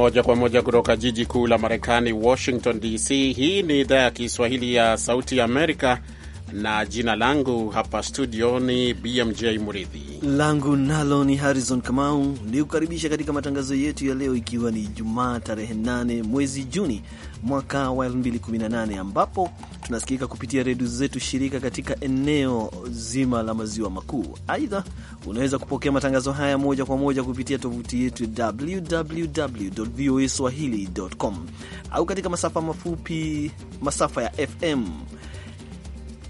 moja kwa moja kutoka jiji kuu la Marekani, Washington DC. Hii ni idhaa ya Kiswahili ya Sauti ya Amerika na jina langu hapa studio ni BMJ Muridhi, langu nalo ni Harrison Kamau, ni kukaribisha katika matangazo yetu ya leo, ikiwa ni Jumaa tarehe 8 mwezi Juni mwaka wa 2018 ambapo tunasikika kupitia redio zetu shirika katika eneo zima la maziwa makuu. Aidha, unaweza kupokea matangazo haya moja kwa moja kupitia tovuti yetu www voa swahili.com au katika masafa mafupi, masafa ya FM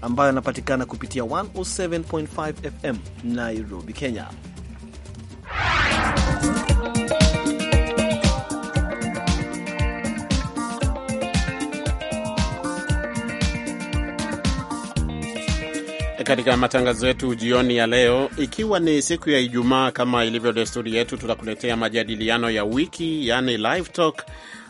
ambayo yanapatikana kupitia 107.5 FM Nairobi, Kenya. Katika matangazo yetu jioni ya leo, ikiwa ni siku ya Ijumaa, kama ilivyo desturi yetu, tutakuletea majadiliano ya wiki, yani live talk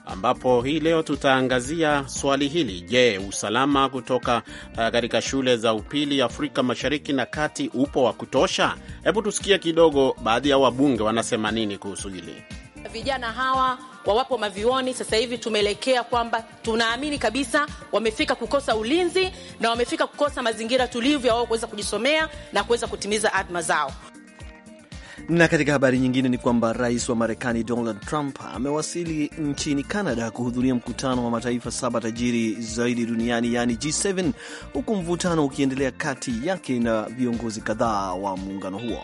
ambapo hii leo tutaangazia swali hili. Je, usalama kutoka uh, katika uh, shule za upili Afrika Mashariki na Kati upo wa kutosha? Hebu tusikie kidogo baadhi ya wabunge wanasema nini kuhusu hili. Vijana hawa wawapo mavioni sasa hivi, tumeelekea kwamba tunaamini kabisa wamefika kukosa ulinzi na wamefika kukosa mazingira tulivu ya wao kuweza kujisomea na kuweza kutimiza adma zao. Na katika habari nyingine ni kwamba rais wa Marekani Donald Trump amewasili nchini Canada kuhudhuria mkutano wa mataifa saba tajiri zaidi duniani, yaani G7, huku mvutano ukiendelea kati yake na viongozi kadhaa wa muungano huo.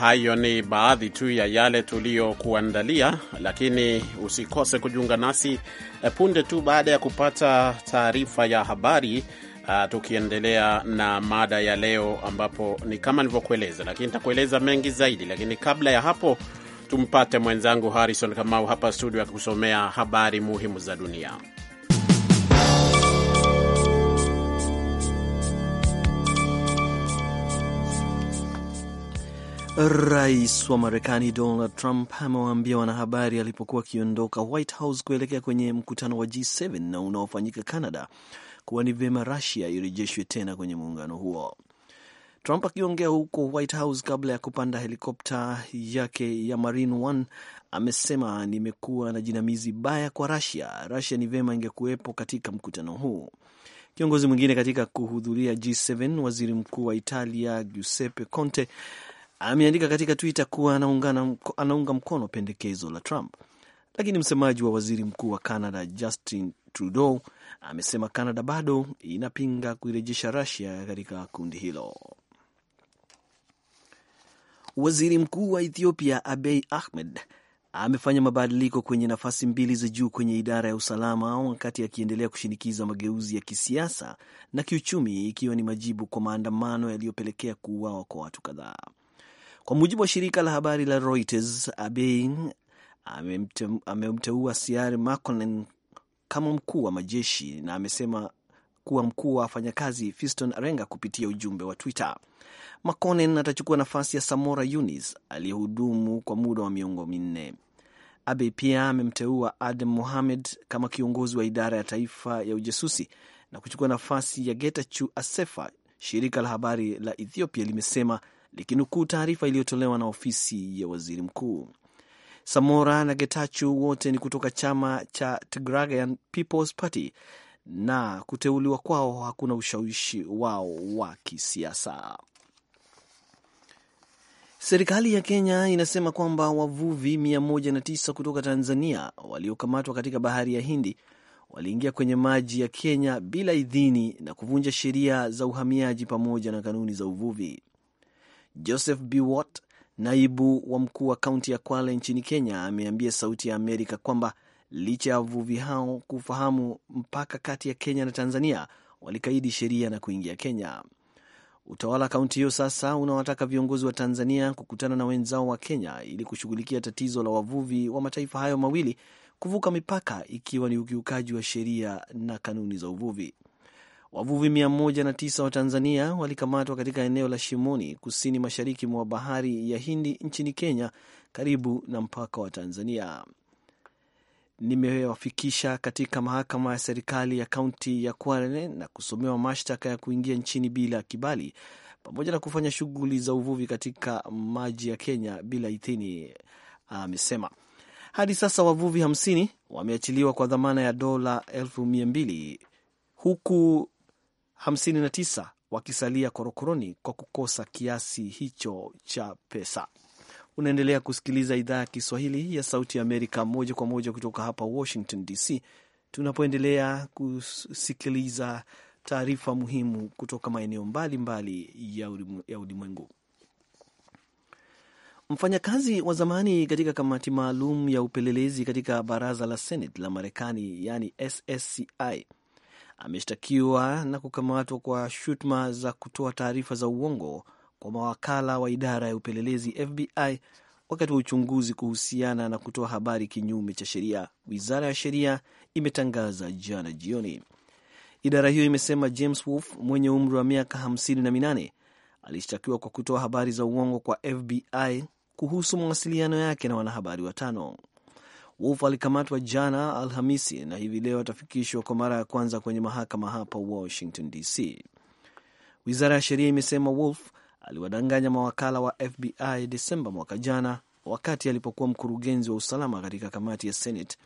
Hayo ni baadhi tu ya yale tuliyokuandalia, lakini usikose kujiunga nasi eh, punde tu baada ya kupata taarifa ya habari Uh, tukiendelea na mada ya leo ambapo ni kama nilivyokueleza, lakini nitakueleza mengi zaidi, lakini kabla ya hapo tumpate mwenzangu Harrison Kamau hapa studio akikusomea habari muhimu za dunia. Rais wa Marekani Donald Trump amewaambia wanahabari alipokuwa akiondoka White House kuelekea kwenye mkutano wa G7 na unaofanyika Canada kuwa ni vyema rusia irejeshwe tena kwenye muungano huo. Trump akiongea huko White House kabla ya kupanda helikopta yake ya Marine One amesema, nimekuwa na jinamizi baya kwa rusia rusia ni vyema ingekuwepo katika mkutano huu. Kiongozi mwingine katika kuhudhuria G7, waziri mkuu wa Italia Giuseppe Conte ameandika katika Twitter kuwa anaunga, anaunga mkono pendekezo la Trump, lakini msemaji wa waziri mkuu wa Canada Justin Trudeau amesema Canada bado inapinga kuirejesha Russia katika kundi hilo. Waziri Mkuu wa Ethiopia Abiy Ahmed amefanya mabadiliko kwenye nafasi mbili za juu kwenye idara ya usalama wakati akiendelea kushinikiza mageuzi ya kisiasa na kiuchumi ikiwa ni majibu kwa maandamano yaliyopelekea kuuawa kwa watu kadhaa. Kwa mujibu wa shirika la habari la Reuters, Abiy amemteua siar Marconen kama mkuu wa majeshi na amesema kuwa mkuu wa wafanyakazi Fiston Arenga kupitia ujumbe wa Twitter. Makonnen atachukua nafasi ya Samora Yunis aliyehudumu kwa muda wa miongo minne. Abe pia amemteua adam Mohamed kama kiongozi wa idara ya taifa ya ujasusi na kuchukua nafasi ya getachu Asefa, shirika la habari la Ethiopia limesema likinukuu taarifa iliyotolewa na ofisi ya waziri mkuu. Samora na getachu wote ni kutoka chama cha Tigrayan People's Party na kuteuliwa kwao hakuna ushawishi wao wa kisiasa. Serikali ya Kenya inasema kwamba wavuvi 109 kutoka Tanzania waliokamatwa katika bahari ya Hindi waliingia kwenye maji ya Kenya bila idhini na kuvunja sheria za uhamiaji pamoja na kanuni za uvuvi. Joseph B. Naibu wa mkuu wa kaunti ya Kwale nchini Kenya ameambia Sauti ya Amerika kwamba licha ya wavuvi hao kufahamu mpaka kati ya Kenya na Tanzania, walikaidi sheria na kuingia Kenya. Utawala wa kaunti hiyo sasa unawataka viongozi wa Tanzania kukutana na wenzao wa Kenya ili kushughulikia tatizo la wavuvi wa mataifa hayo mawili kuvuka mipaka, ikiwa ni ukiukaji wa sheria na kanuni za uvuvi. Wavuvi 109 wa Tanzania walikamatwa katika eneo la Shimoni, kusini mashariki mwa bahari ya Hindi nchini Kenya, karibu na mpaka wa Tanzania. Nimewafikisha katika mahakama ya serikali ya kaunti ya Kwale na kusomewa mashtaka ya kuingia nchini bila kibali pamoja na kufanya shughuli za uvuvi katika maji ya Kenya bila idhini, amesema. hadi sasa wavuvi 50 wameachiliwa kwa dhamana ya dola elfu mia mbili huku 59 wakisalia korokoroni kwa kukosa kiasi hicho cha pesa. Unaendelea kusikiliza idhaa ya Kiswahili ya Sauti ya Amerika moja kwa moja kutoka hapa Washington DC, tunapoendelea kusikiliza taarifa muhimu kutoka maeneo mbalimbali ya ulimwengu. Mfanyakazi wa zamani katika kamati maalum ya upelelezi katika baraza la Senate la Marekani, yani SSCI, ameshtakiwa na kukamatwa kwa shutuma za kutoa taarifa za uongo kwa mawakala wa idara ya upelelezi FBI wakati wa uchunguzi kuhusiana na kutoa habari kinyume cha sheria, wizara ya sheria imetangaza jana jioni. Idara hiyo imesema James Wolf mwenye umri wa miaka 58 alishtakiwa kwa kutoa habari za uongo kwa FBI kuhusu mawasiliano yake na wanahabari watano. Wolf alikamatwa jana Alhamisi na hivi leo atafikishwa kwa mara ya kwanza kwenye mahakama hapa Washington DC. Wizara ya sheria imesema Wolf aliwadanganya mawakala wa FBI Desemba mwaka jana, wakati alipokuwa mkurugenzi wa usalama katika kamati ya Senate,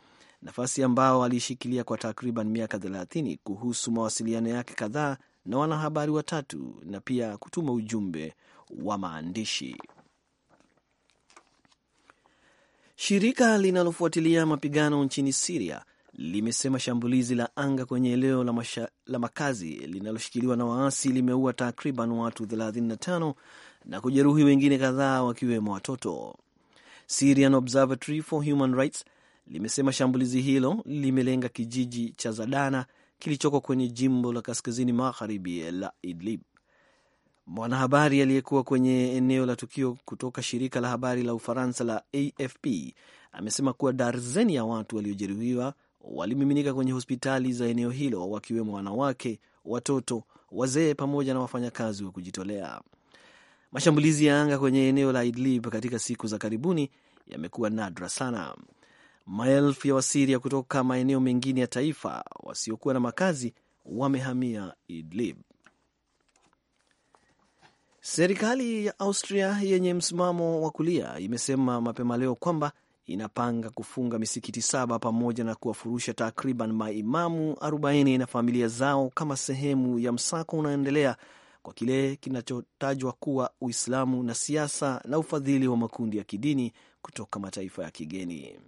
nafasi ambao aliishikilia kwa takriban miaka 30, kuhusu mawasiliano yake kadhaa na wanahabari watatu na pia kutuma ujumbe wa maandishi. Shirika linalofuatilia mapigano nchini Siria limesema shambulizi la anga kwenye eneo la, la makazi linaloshikiliwa na waasi limeua takriban watu 35 na kujeruhi wengine kadhaa wakiwemo watoto. Syrian Observatory for Human Rights limesema shambulizi hilo limelenga kijiji cha Zadana kilichoko kwenye jimbo la kaskazini magharibi la Idlib. Mwanahabari aliyekuwa kwenye eneo la tukio kutoka shirika la habari la Ufaransa la AFP amesema kuwa darzeni ya watu waliojeruhiwa walimiminika kwenye hospitali za eneo hilo wakiwemo wanawake, watoto, wazee pamoja na wafanyakazi wa kujitolea. Mashambulizi ya anga kwenye eneo la Idlib katika siku za karibuni yamekuwa nadra sana. Maelfu ya Wasiria kutoka maeneo mengine ya taifa wasiokuwa na makazi wamehamia Idlib. Serikali ya Austria yenye msimamo wa kulia imesema mapema leo kwamba inapanga kufunga misikiti saba pamoja na kuwafurusha takriban maimamu 40 na familia zao kama sehemu ya msako unaoendelea kwa kile kinachotajwa kuwa Uislamu na siasa na ufadhili wa makundi ya kidini kutoka mataifa ya kigeni.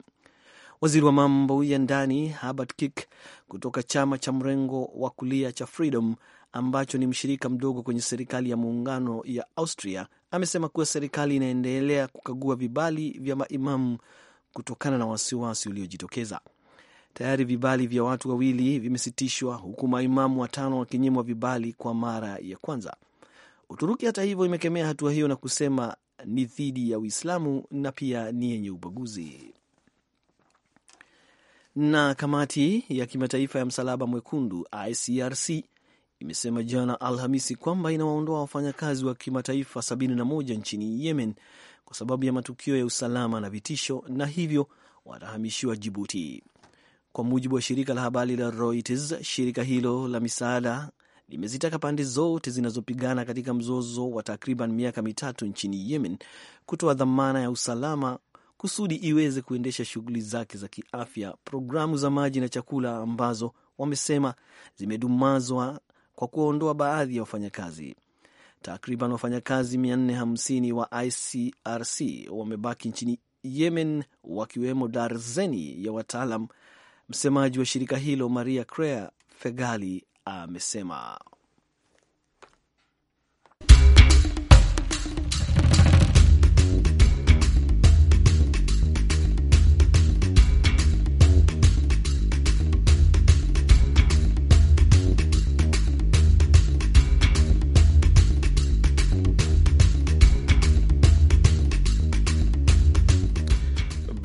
Waziri wa mambo ya ndani Herbert Kick kutoka chama cha mrengo wa kulia cha Freedom ambacho ni mshirika mdogo kwenye serikali ya muungano ya Austria, amesema kuwa serikali inaendelea kukagua vibali vya maimamu kutokana na wasiwasi uliojitokeza. Tayari vibali vya watu wawili vimesitishwa huku maimamu watano wakinyimwa vibali kwa mara ya kwanza. Uturuki hata hivyo imekemea hatua hiyo na kusema ni dhidi ya Uislamu na pia ni yenye ubaguzi. Na kamati ya kimataifa ya msalaba mwekundu ICRC imesema jana Alhamisi kwamba inawaondoa wafanyakazi wa kimataifa 71 nchini Yemen kwa sababu ya matukio ya usalama na vitisho, na hivyo watahamishiwa Jibuti, kwa mujibu wa shirika la habari la Reuters. Shirika hilo la misaada limezitaka pande zote zinazopigana katika mzozo wa takriban miaka mitatu nchini Yemen kutoa dhamana ya usalama kusudi iweze kuendesha shughuli zake za kiafya, programu za maji na chakula ambazo wamesema zimedumazwa kwa kuwaondoa baadhi ya wafanyakazi. Takriban wafanyakazi 450 wa ICRC wamebaki nchini Yemen, wakiwemo darzeni ya wataalam. Msemaji wa shirika hilo Maria Crea Fegali amesema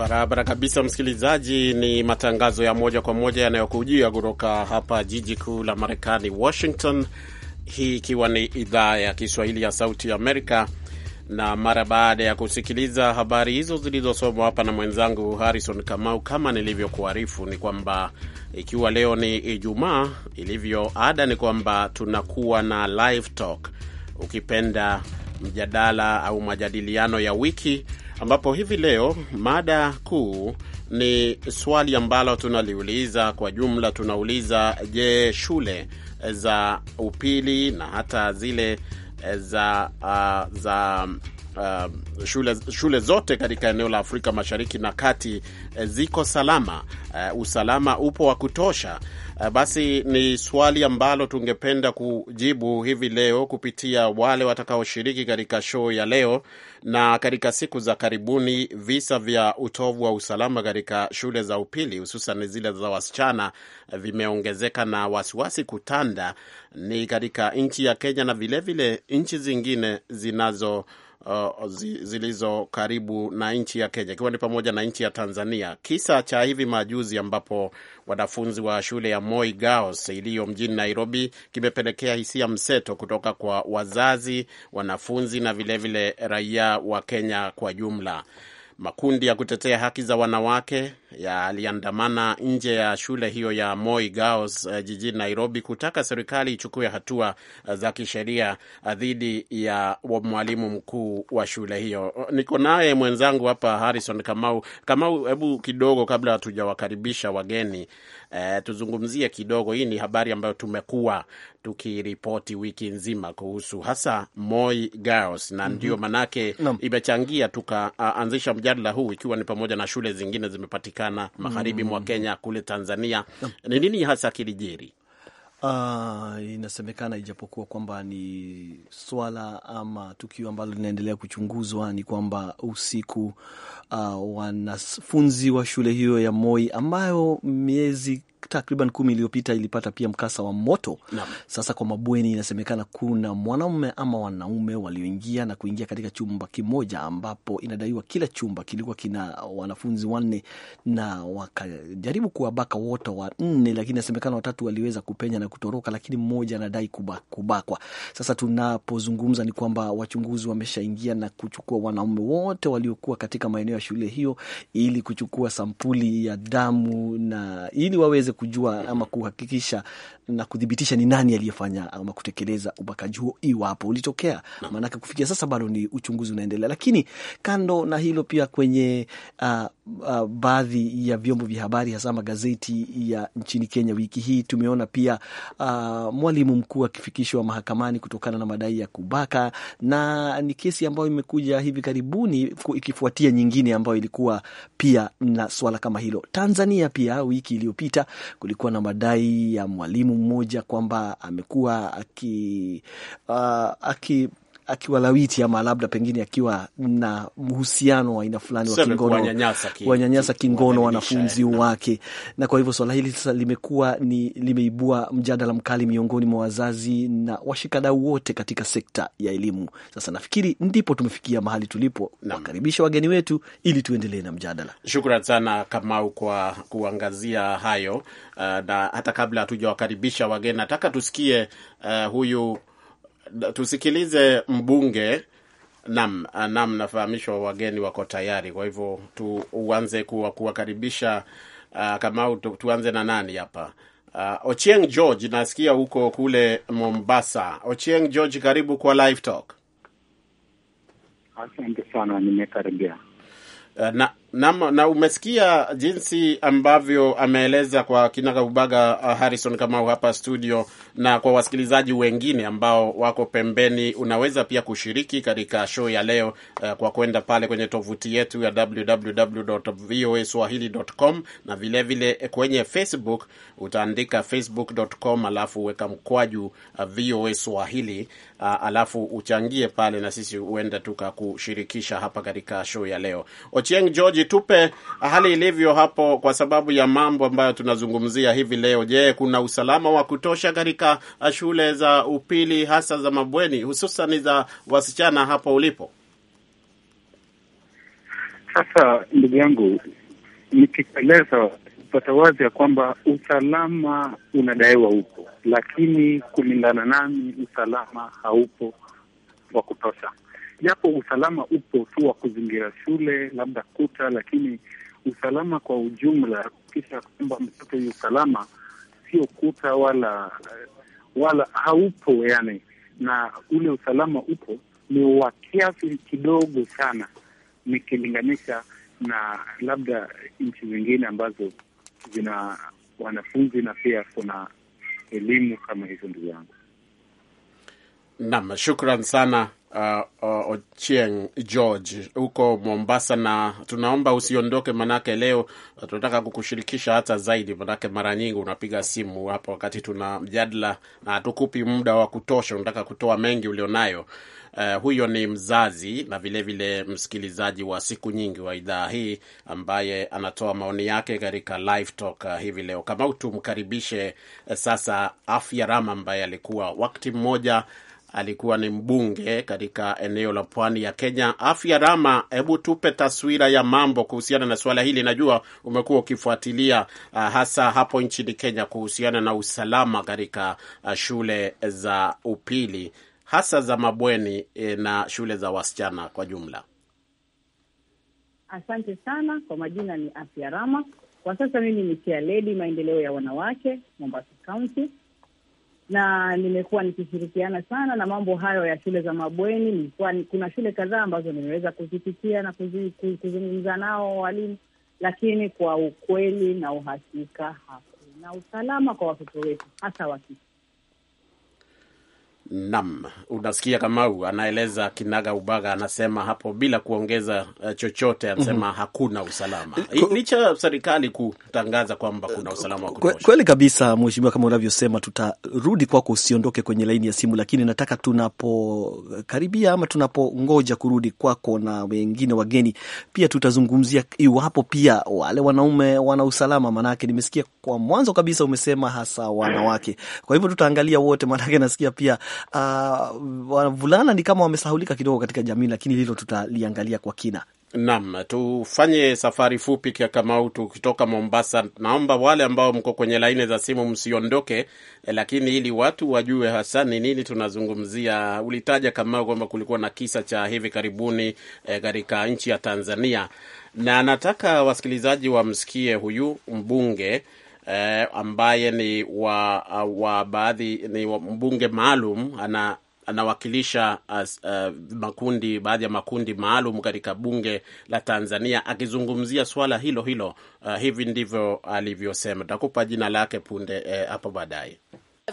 Barabara kabisa, msikilizaji. Ni matangazo ya moja kwa moja yanayokujia kutoka hapa jiji kuu la Marekani, Washington, hii ikiwa ni idhaa ya Kiswahili ya Sauti ya Amerika. Na mara baada ya kusikiliza habari hizo zilizosomwa hapa na mwenzangu Harrison Kamau, kama nilivyokuarifu ni kwamba ikiwa leo ni Ijumaa, ilivyo ada, ni kwamba tunakuwa na live talk, ukipenda mjadala au majadiliano ya wiki ambapo hivi leo mada kuu ni swali ambalo tunaliuliza kwa jumla. Tunauliza, je, shule za upili na hata zile eh, za, uh, za uh, shule, shule zote katika eneo la Afrika Mashariki na Kati eh, ziko salama? Uh, usalama upo wa kutosha? Uh, basi ni swali ambalo tungependa kujibu hivi leo kupitia wale watakaoshiriki katika show ya leo na katika siku za karibuni visa vya utovu wa usalama katika shule za upili hususan zile za wasichana vimeongezeka na wasiwasi kutanda ni katika nchi ya Kenya na vilevile nchi zingine zinazo uh, zilizo karibu na nchi ya Kenya, ikiwa ni pamoja na nchi ya Tanzania. Kisa cha hivi majuzi ambapo wanafunzi wa shule ya Moi Girls iliyo mjini Nairobi kimepelekea hisia mseto kutoka kwa wazazi, wanafunzi na vilevile vile raia wa Kenya kwa jumla. Makundi ya kutetea haki za wanawake yaliandamana nje ya shule hiyo ya Moi Girls uh, jijini Nairobi kutaka serikali ichukue hatua eh, za kisheria eh, dhidi ya mwalimu mkuu wa shule hiyo. Niko naye mwenzangu hapa Harrison Kamau. Kamau, hebu kidogo, kabla hatujawakaribisha wageni uh, tuzungumzie kidogo. Hii ni habari ambayo tumekuwa tukiripoti wiki nzima kuhusu hasa Moi Girls na mm -hmm. Ndio manake no. imechangia tukaanzisha ah, uh, mjadala huu, ikiwa ni pamoja na shule zingine zimepatikana inapatikana mm. magharibi mm. mwa Kenya kule Tanzania ni nini hasa kilijeri Uh, ah, inasemekana ijapokuwa kwamba ni swala ama tukio ambalo linaendelea kuchunguzwa, ni kwamba usiku, uh, wanafunzi wa shule hiyo ya Moi ambayo miezi takriban kumi iliyopita ilipata pia mkasa wa moto na. Sasa kwa mabweni inasemekana kuna mwanaume ama wanaume walioingia na kuingia katika chumba kimoja, ambapo inadaiwa kila chumba kilikuwa kina wanafunzi wanne na wakajaribu kuwabaka wote wanne, lakini inasemekana watatu waliweza kupenya na kutoroka, lakini mmoja anadai kubakwa. Sasa tunapozungumza ni kwamba wachunguzi wameshaingia na kuchukua wanaume wote waliokuwa katika maeneo ya shule hiyo ili kuchukua sampuli ya damu na ili waweze waweze kujua ama kuhakikisha na kuthibitisha ni nani aliyefanya ama kutekeleza ubakaji huo iwapo ulitokea. Maanake kufikia sasa bado ni uchunguzi unaendelea. Lakini kando na hilo, pia kwenye uh, uh, baadhi ya vyombo vya habari hasa magazeti ya nchini Kenya wiki hii tumeona pia uh, mwalimu mkuu akifikishwa mahakamani kutokana na madai ya kubaka, na ni kesi ambayo imekuja hivi karibuni ikifuatia nyingine ambayo ilikuwa pia na swala kama hilo. Tanzania pia wiki iliyopita kulikuwa na madai ya mwalimu mmoja kwamba amekuwa aki, uh, aki akiwa lawiti ama labda pengine akiwa na mhusiano wa aina fulani wa kingono, wanyanyasa kingono wanafunzi eh, wake, na kwa hivyo swala hili sasa limekuwa ni limeibua mjadala mkali miongoni mwa wazazi na washikadau wote katika sekta ya elimu. Sasa nafikiri ndipo tumefikia mahali tulipo, wakaribisha wageni wetu ili tuendelee na mjadala. Shukran sana Kamau kwa kuangazia hayo, uh, na hata kabla hatujawakaribisha wageni, nataka tusikie uh, huyu tusikilize mbunge. Nam, nam, nafahamishwa wageni wako tayari, kwa hivyo tuanze kuwakaribisha kuwa uh, Kamau tu, tuanze na nani hapa uh, Ochieng George, nasikia huko kule Mombasa. Ochieng George, karibu kwa Live Talk. Asante sana, nimekaribia uh, na na, na umesikia jinsi ambavyo ameeleza kwa kaubaga uh, Harrison Kamau hapa studio, na kwa wasikilizaji wengine ambao wako pembeni, unaweza pia kushiriki katika show ya leo uh, kwa kwenda pale kwenye tovuti yetu ya www.voaswahili.com na vilevile vile kwenye Facebook utaandika facebook.com alafu uweka mkwaju uh, VOA Swahili uh, alafu uchangie pale, na sisi huenda tukakushirikisha hapa katika show ya leo. Ochieng George George, tupe hali ilivyo hapo kwa sababu ya mambo ambayo tunazungumzia hivi leo. Je, kuna usalama wa kutosha katika uh, shule za upili hasa za mabweni hususan za wasichana hapo ulipo? Sasa ndugu yangu, nikikueleza pata wazi ya kwamba usalama unadaiwa upo, lakini kulingana nami usalama haupo wa kutosha japo usalama upo tu wa kuzingira shule, labda kuta, lakini usalama kwa ujumla, kisha kwamba mtoto huyu usalama sio kuta wala wala haupo yani, na ule usalama upo ni wa kiasi kidogo sana nikilinganisha na labda nchi zingine ambazo zina wanafunzi na pia kuna elimu kama hizo. Ndugu yangu, naam, shukran sana Uh, uh, Ochieng George huko Mombasa, na tunaomba usiondoke, manake leo uh, tunataka kukushirikisha hata zaidi, manake mara nyingi unapiga simu hapa wakati tuna mjadala na hatukupi muda wa kutosha, unataka kutoa mengi ulionayo. Uh, huyo ni mzazi na vilevile vile msikilizaji wa siku nyingi wa idhaa hii ambaye anatoa maoni yake katika live talk uh, hivi leo. Kama tumkaribishe uh, sasa Afya Rama ambaye alikuwa wakati mmoja alikuwa ni mbunge katika eneo la pwani ya Kenya. Afya Rama, hebu tupe taswira ya mambo kuhusiana na suala hili. Najua umekuwa ukifuatilia uh, hasa hapo nchini Kenya kuhusiana na usalama katika uh, shule za upili hasa za mabweni e, na shule za wasichana kwa jumla. Asante sana kwa majina, ni Afya Rama. Kwa sasa mimi ni chairlady maendeleo ya wanawake Mombasa County na nimekuwa nikishirikiana sana na mambo hayo ya shule za mabweni. Nilikuwa kuna shule kadhaa ambazo nimeweza kuzipitia na kuzungumza nao walimu, lakini kwa ukweli na uhakika hakuna usalama kwa watoto wetu, hasa wakike. Nam, unasikia Kamau anaeleza kinaga ubaga, anasema hapo bila kuongeza eh, chochote, anasema mm -hmm. hakuna usalama eh, licha ya serikali kutangaza kwamba kuna usalama wa kutosha. Kweli kabisa, mheshimiwa, kama unavyosema, tutarudi kwako, usiondoke kwenye laini ya simu, lakini nataka tunapokaribia ama tunapongoja kurudi kwako na wengine wageni, pia tutazungumzia iwapo pia wale wanaume wana usalama, maanake nimesikia kwa mwanzo kabisa umesema hasa wanawake. Kwa hivyo tutaangalia wote, maanake nasikia pia uh, wavulana ni kama wamesahulika kidogo katika jamii, lakini hilo tutaliangalia kwa kina. Naam, tufanye safari fupi kia Kamau, tukitoka Mombasa. Naomba wale ambao mko kwenye laini za simu msiondoke, eh, lakini ili watu wajue hasa ni nini tunazungumzia. Ulitaja Kamau kwamba kulikuwa na kisa cha hivi karibuni eh, katika e, nchi ya Tanzania, na nataka wasikilizaji wamsikie huyu mbunge eh, ambaye ni wa, uh, wa baadhi ni wa mbunge maalum ana anawakilisha as, uh, makundi baadhi ya makundi maalum katika bunge la Tanzania akizungumzia swala hilo hilo. Uh, hivi ndivyo alivyosema. Takupa jina lake punde eh, hapo uh, baadaye.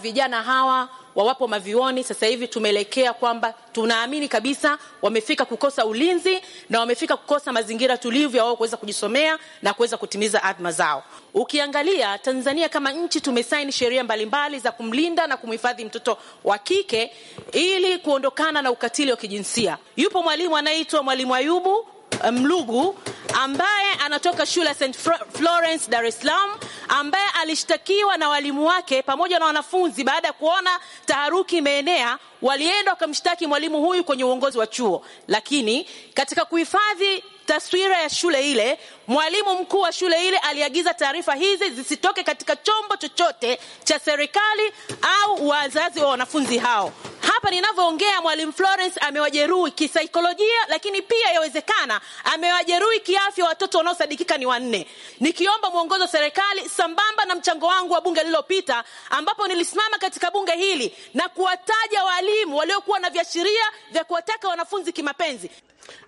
Vijana hawa wawapo mavioni sasa hivi, tumeelekea kwamba tunaamini kabisa wamefika kukosa ulinzi na wamefika kukosa mazingira tulivu ya wao kuweza kujisomea na kuweza kutimiza adhma zao. Ukiangalia Tanzania kama nchi, tumesaini sheria mbalimbali za kumlinda na kumhifadhi mtoto wa kike ili kuondokana na ukatili wa kijinsia. Yupo mwalimu anayeitwa Mwalimu Ayubu Eh, Mlugu ambaye anatoka shule ya St Florence Dar es Salaam, ambaye alishtakiwa na walimu wake pamoja na wanafunzi baada ya kuona taharuki imeenea walienda wakamshtaki mwalimu huyu kwenye uongozi wa chuo, lakini katika kuhifadhi taswira ya shule ile, mwalimu mkuu wa shule ile aliagiza taarifa hizi zisitoke katika chombo chochote cha serikali au wazazi wa wanafunzi hao. Hapa ninavyoongea mwalimu Florence amewajeruhi kisaikolojia, lakini pia yawezekana amewajeruhi kiafya watoto wanaosadikika ni wanne. Nikiomba mwongozo wa serikali sambamba na mchango wangu wa bunge lililopita, ambapo nilisimama katika bunge hili na kuwataja wali walimu waliokuwa na viashiria vya kuwataka wanafunzi kimapenzi.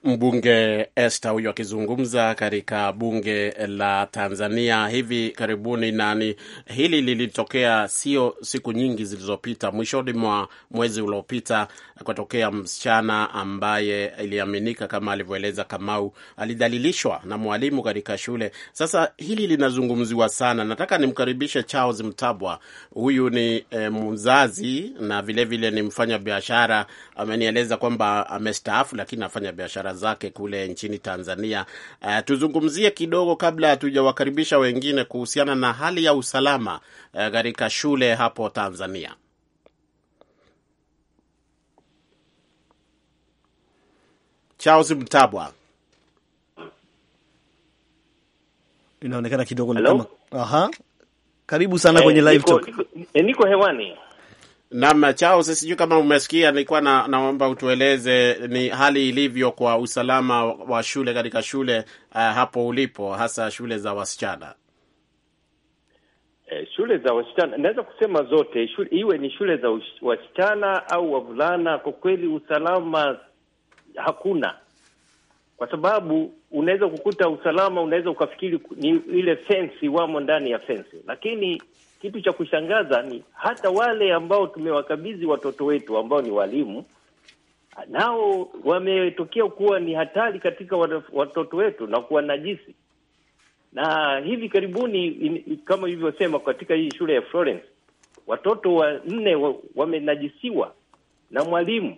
Mbunge Esther huyo akizungumza katika bunge la Tanzania hivi karibuni, na ni hili lilitokea sio siku nyingi zilizopita, mwishoni mwa mwezi uliopita, kutokea msichana ambaye iliaminika kama alivyoeleza Kamau alidhalilishwa na mwalimu katika shule. Sasa hili linazungumziwa sana. Nataka nimkaribishe Charles Mtabwa, huyu ni e, mzazi na vilevile vile ni mfanya biashara. Amenieleza kwamba amestaafu, lakini afanya biashara zake kule nchini Tanzania. E, tuzungumzie kidogo kabla hatujawakaribisha wengine kuhusiana na hali ya usalama eh, katika e, shule hapo Tanzania. Charles Mtabwa. Inaonekana kidogo ni kama aha. Karibu sana eh, kwenye live talk. Niko, eh, niko hewani. nam Charles, sijui kama umesikia, nilikuwa na naomba utueleze ni hali ilivyo kwa usalama wa shule katika shule uh, hapo ulipo hasa shule za wasichana. Eh, shule za wasichana naweza kusema zote shule, iwe ni shule za wasichana au wavulana, kwa kweli usalama hakuna, kwa sababu unaweza kukuta usalama, unaweza ukafikiri ni ile fensi, wamo ndani ya fensi. Lakini kitu cha kushangaza ni hata wale ambao tumewakabidhi watoto wetu ambao ni walimu nao wametokea kuwa ni hatari katika watoto wetu na kuwa najisi. Na hivi karibuni in, kama ilivyosema katika hii shule ya Florence, watoto wanne wamenajisiwa na mwalimu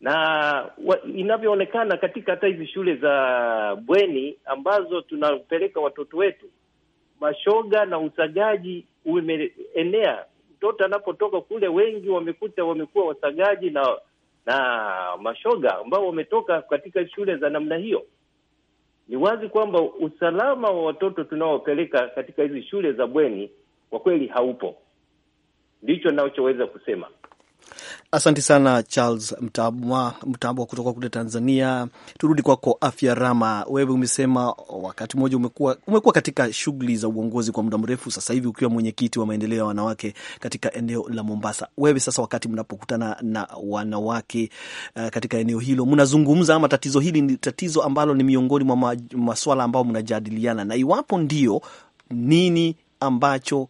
na inavyoonekana katika hata hizi shule za bweni ambazo tunapeleka watoto wetu, mashoga na usagaji umeenea. Mtoto anapotoka kule, wengi wamekuta wamekuwa wasagaji na na mashoga ambao wametoka katika shule za namna hiyo. Ni wazi kwamba usalama wa watoto tunaowapeleka katika hizi shule za bweni kwa kweli haupo, ndicho nachoweza kusema. Asante sana Charles Mtambwa, kutoka kule Tanzania. Turudi kwako Afya Rama, wewe umesema wakati mmoja umekuwa umekuwa katika shughuli za uongozi kwa muda mrefu, sasa hivi ukiwa mwenyekiti wa maendeleo ya wanawake katika eneo la Mombasa. Wewe sasa, wakati mnapokutana na wanawake uh, katika eneo hilo, mnazungumza ama tatizo hili ni tatizo ambalo ni miongoni mwa maswala ambayo mnajadiliana, na iwapo ndio, nini ambacho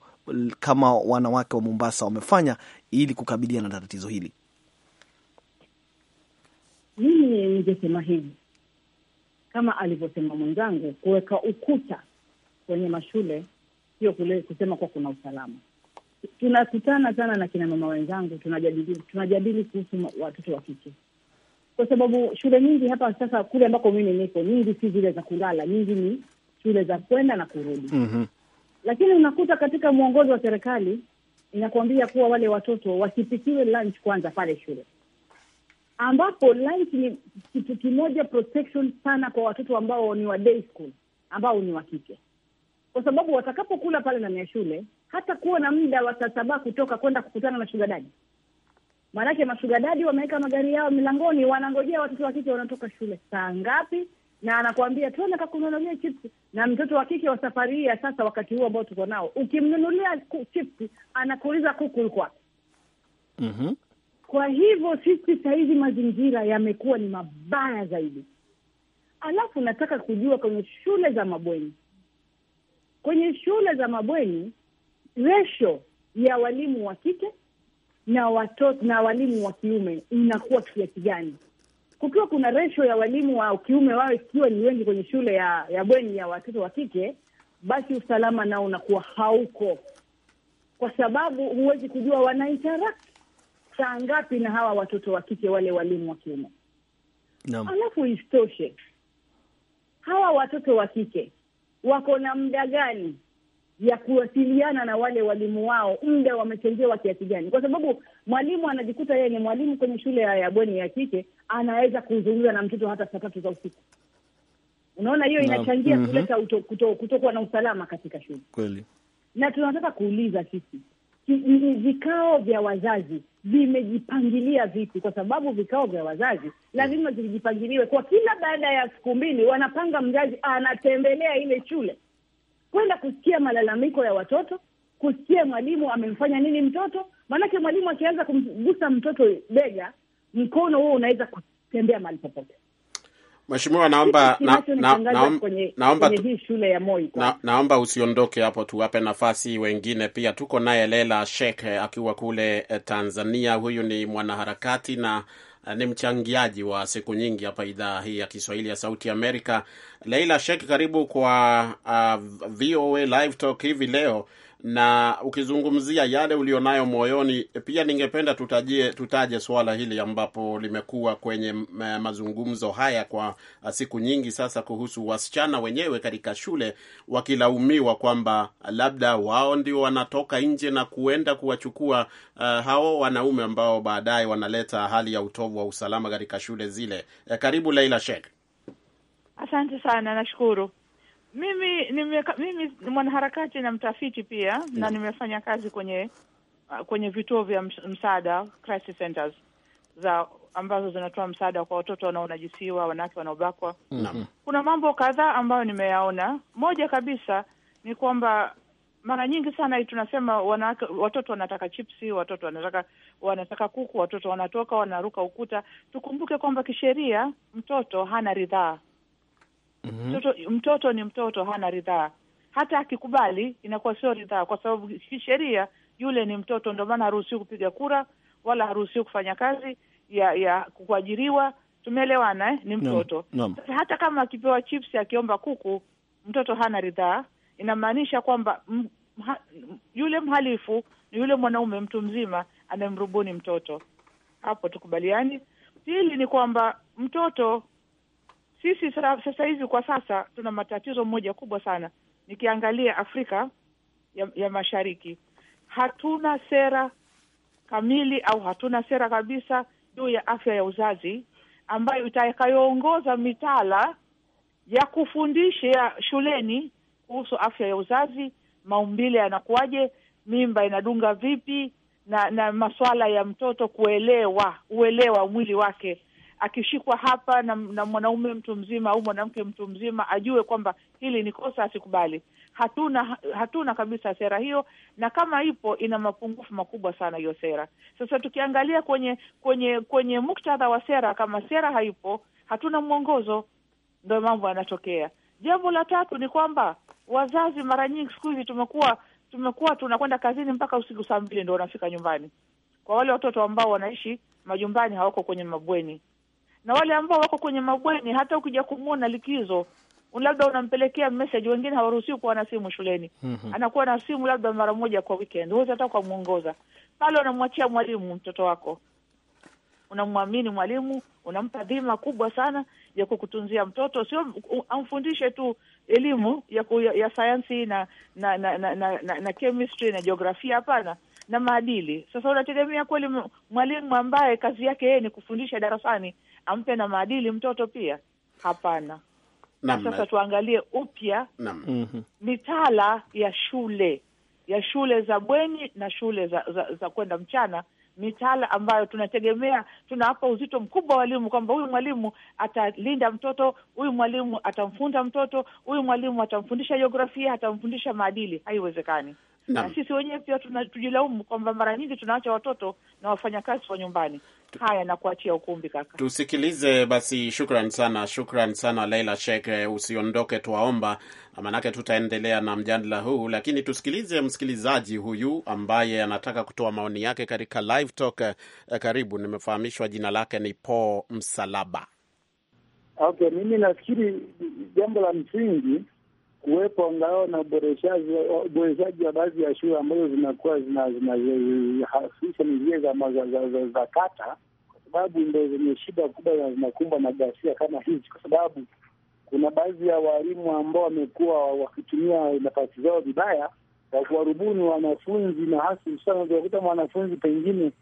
kama wanawake wa Mombasa wamefanya ili kukabiliana na tatizo hili? Mimi ningesema hivi kama alivyosema mwenzangu, kuweka ukuta kwenye mashule sio kusema kuwa kuna usalama. Tunakutana sana na kina mama wenzangu, tunajadili tunajadili kuhusu watoto wa kike, kwa sababu shule nyingi hapa sasa, kule ambako mimi nipo, nyingi si zile za kulala, nyingi ni shule za kwenda na kurudi. mm -hmm. Lakini unakuta katika mwongozo wa serikali inakuambia kuwa wale watoto wasipikiwe lunch kwanza pale shule, ambapo lunch ni kitu kimoja protection sana kwa watoto ambao ni wa day school, ambao ni wa kike, kwa sababu watakapokula pale ndani ya shule hata kuwa na muda wa saa saba kutoka kwenda kukutana na shugadadi. Maanake mashugadadi wameweka magari yao milangoni, wanangojea watoto wa kike wanatoka shule saa ngapi, na anakuambia tuende kakununulia chips. Na mtoto wa kike wa safari hii ya sasa, wakati huu ambao tuko nao, ukimnunulia chips anakuuliza kuku liko mm -hmm. Kwa hivyo sisi sahizi mazingira yamekuwa ni mabaya zaidi, alafu nataka kujua kwenye shule za mabweni, kwenye shule za mabweni resho ya walimu wa kike na watoto na walimu wa kiume inakuwa kiasi gani? kukiwa kuna resho ya walimu wa kiume wao ikiwa ni wengi kwenye shule ya ya bweni ya watoto wa kike, basi usalama nao unakuwa hauko, kwa sababu huwezi kujua wanainteract saa ngapi na hawa watoto wa kike wale walimu wa kiume. Naam. Alafu isitoshe hawa watoto wa kike wako na muda gani ya kuwasiliana na wale walimu wao, muda wametengewa kiasi gani? Kwa sababu mwalimu anajikuta yeye ni mwalimu kwenye shule ya bweni ya kike, anaweza kuzungumza na mtoto hata saa tatu za usiku. Unaona, hiyo inachangia mm -hmm. kuleta kutokuwa kuto na usalama katika shule kweli. Na tunataka kuuliza sisi vikao vya wazazi vimejipangilia vipi? Kwa sababu vikao vya wazazi lazima vijipangiliwe kwa kila baada ya siku mbili, wanapanga mzazi anatembelea ile shule kwenda kusikia malalamiko ya watoto, kusikia mwalimu amemfanya nini mtoto. Maanake mwalimu akianza kumgusa mtoto bega mkono huo unaweza kutembea mahali popote. Mheshimiwa, naomba na, na, na, kwenye, naomba kwenye hii shule ya Moi na, naomba usiondoke hapo, tuwape nafasi wengine pia. Tuko naye Lela Sheikh eh, akiwa kule eh, Tanzania. Huyu ni mwanaharakati na eh, ni mchangiaji wa siku nyingi hapa idhaa hii ya Kiswahili ya Sauti Amerika. Leila Sheikh, karibu kwa uh, VOA Live Talk hivi leo na ukizungumzia yale ulionayo moyoni, pia ningependa tutajie, tutaje suala hili ambapo limekuwa kwenye mazungumzo haya kwa uh, siku nyingi sasa, kuhusu wasichana wenyewe katika shule wakilaumiwa kwamba labda wao ndio wanatoka nje na kuenda kuwachukua uh, hao wanaume ambao baadaye wanaleta hali ya utovu wa usalama katika shule zile. Eh, karibu Leila Sheikh. Asante sana, nashukuru. Mimi nimeka, mimi ni mwanaharakati na mtafiti pia yeah. Na nimefanya kazi kwenye uh, kwenye vituo vya msaada crisis centers za ambazo zinatoa msaada kwa watoto wanaonajisiwa, wanawake wanaobakwa. mm -hmm. Kuna mambo kadhaa ambayo nimeyaona. Moja kabisa ni kwamba mara nyingi sana tunasema wanawake, watoto wanataka chipsi, watoto wanataka wanataka kuku, watoto wanatoka wanaruka ukuta. Tukumbuke kwamba kisheria mtoto hana ridhaa -hmm. Mtoto ni mtoto, hana ridhaa, hata akikubali inakuwa sio ridhaa, kwa sababu kisheria yule ni mtoto. Ndio maana haruhusiwi kupiga kura wala haruhusiwi kufanya kazi ya ya kuajiriwa. Tumeelewana eh? Ni mtoto no, no. Hata kama akipewa chips, akiomba kuku, mtoto hana ridhaa, inamaanisha kwamba mha, yule mhalifu ni yule mwanaume mtu mzima anayemrubuni mtoto. Hapo tukubaliani. Pili ni kwamba mtoto sisi sasa hivi kwa sasa tuna matatizo moja kubwa sana, nikiangalia Afrika ya, ya Mashariki, hatuna sera kamili au hatuna sera kabisa juu ya afya ya uzazi ambayo itakayoongoza mitaala ya kufundisha shuleni kuhusu afya ya uzazi, maumbile yanakuwaje, mimba inadunga vipi, na na masuala ya mtoto kuelewa uelewa mwili wake akishikwa hapa na, na mwanaume mtu mzima au mwanamke mtu mzima ajue kwamba hili ni kosa, asikubali. Hatuna, hatuna kabisa sera hiyo, na kama ipo ina mapungufu makubwa sana hiyo sera. Sasa tukiangalia kwenye kwenye kwenye muktadha wa sera, kama sera haipo, hatuna mwongozo, ndo mambo yanatokea. Jambo la tatu ni kwamba wazazi mara nyingi siku hizi tumekuwa tumekuwa tunakwenda kazini mpaka usiku saa mbili ndo wanafika nyumbani. Kwa wale watoto ambao wanaishi majumbani hawako kwenye mabweni, na wale ambao wako kwenye mabweni, hata ukija kumwona likizo labda unampelekea message. Wengine hawaruhusiwi kuwa na simu shuleni. mm -hmm. Anakuwa na simu labda mara moja kwa weekend, huwezi hata ukamwongoza pale. Unamwachia mwalimu mtoto wako, unamwamini mwalimu, unampa dhima kubwa sana ya kukutunzia mtoto, sio amfundishe tu elimu ya, ya, ya sayansi na na na, na, na, na na chemistry na jiografia, hapana, na maadili. Sasa unategemea kweli mwalimu ambaye kazi yake yeye ni kufundisha darasani ampe na maadili mtoto pia? Hapana. Na sasa tuangalie upya mhm. mitaala ya shule ya shule za bweni na shule za, za, za kwenda mchana, mitaala ambayo tunategemea, tunawapa uzito mkubwa walimu kwamba huyu mwalimu atalinda mtoto, huyu mwalimu atamfunda mtoto, huyu mwalimu atamfundisha jiografia, atamfundisha maadili. Haiwezekani na sisi wenyewe pia tujilaumu kwamba mara nyingi tunaacha watoto na wafanyakazi wa nyumbani. Haya, nakuachia ukumbi kaka, tusikilize basi. Shukran sana, shukran sana Leila Sheikh. Eh, usiondoke, twaomba maanake tutaendelea na mjadala huu, lakini tusikilize msikilizaji huyu ambaye anataka kutoa maoni yake katika live talk. Eh, eh, karibu, nimefahamishwa jina lake ni Paul Msalaba. Okay, mimi nafikiri jambo la msingi kuwepo angao na uboreshaji wa baadhi ya shule ambazo zinakuwa zinahasisha njia za kata, kwa sababu ndo zenye shida kubwa na zinakumbwa na ghasia kama hizi, kwa sababu kuna baadhi ya waalimu ambao wamekuwa wakitumia nafasi zao vibaya kwa kuwarubuni wanafunzi, na hasa sana unakuta mwanafunzi pengine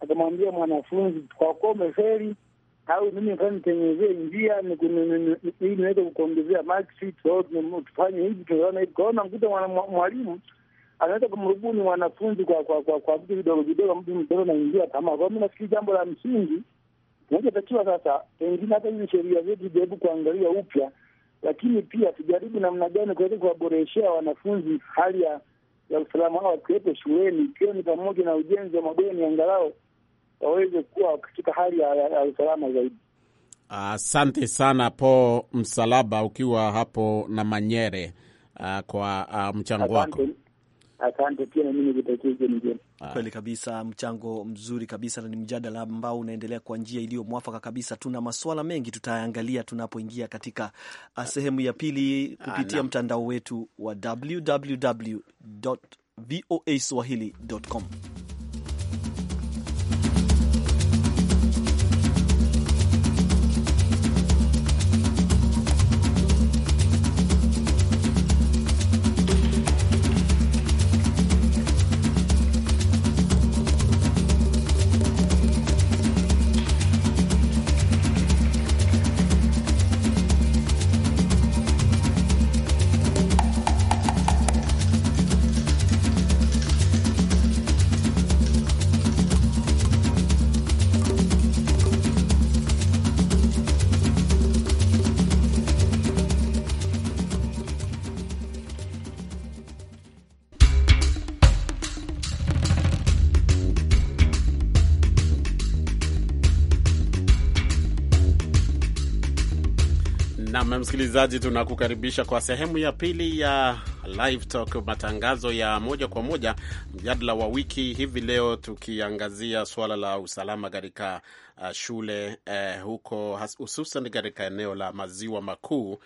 akamwambia mwanafunzi, kwa kuwa umeferi au mimi nataka nitengenezee njia ili niweze kukuongezea tufanye hivi tunaona hivi. Kwa hiyo namkuta mwalimu anaweza kumrubuni mwanafunzi kwa kwa kwa kwa vitu vidogo vidogo, mtu mtoto naingia tamaa. Kwa mi nafikiri jambo la msingi inachotakiwa sasa, pengine hata hizi sheria zetu tujaribu kuangalia upya, lakini pia tujaribu namna gani kuweza kuwaboreshea wanafunzi hali ya usalama wao wakiwepo shuleni, ikiwa ni pamoja na ujenzi wa mabweni angalau waweze kuwa katika hali ya, ya, ya usalama zaidi. Asante uh, sana Paul Msalaba, ukiwa hapo na Manyere uh, kwa uh, mchango wako. Ah. Kweli kabisa, mchango mzuri kabisa, na ni mjadala ambao unaendelea kwa njia iliyo mwafaka kabisa. Tuna maswala mengi tutayaangalia tunapoingia katika uh, sehemu ya pili kupitia ah, mtandao wetu wa www voa swahili.com. Nam msikilizaji, tunakukaribisha kwa sehemu ya pili ya Live Talk, matangazo ya moja kwa moja, mjadala wa wiki hivi leo, tukiangazia suala la usalama katika uh, shule uh, huko hususan katika eneo la maziwa makuu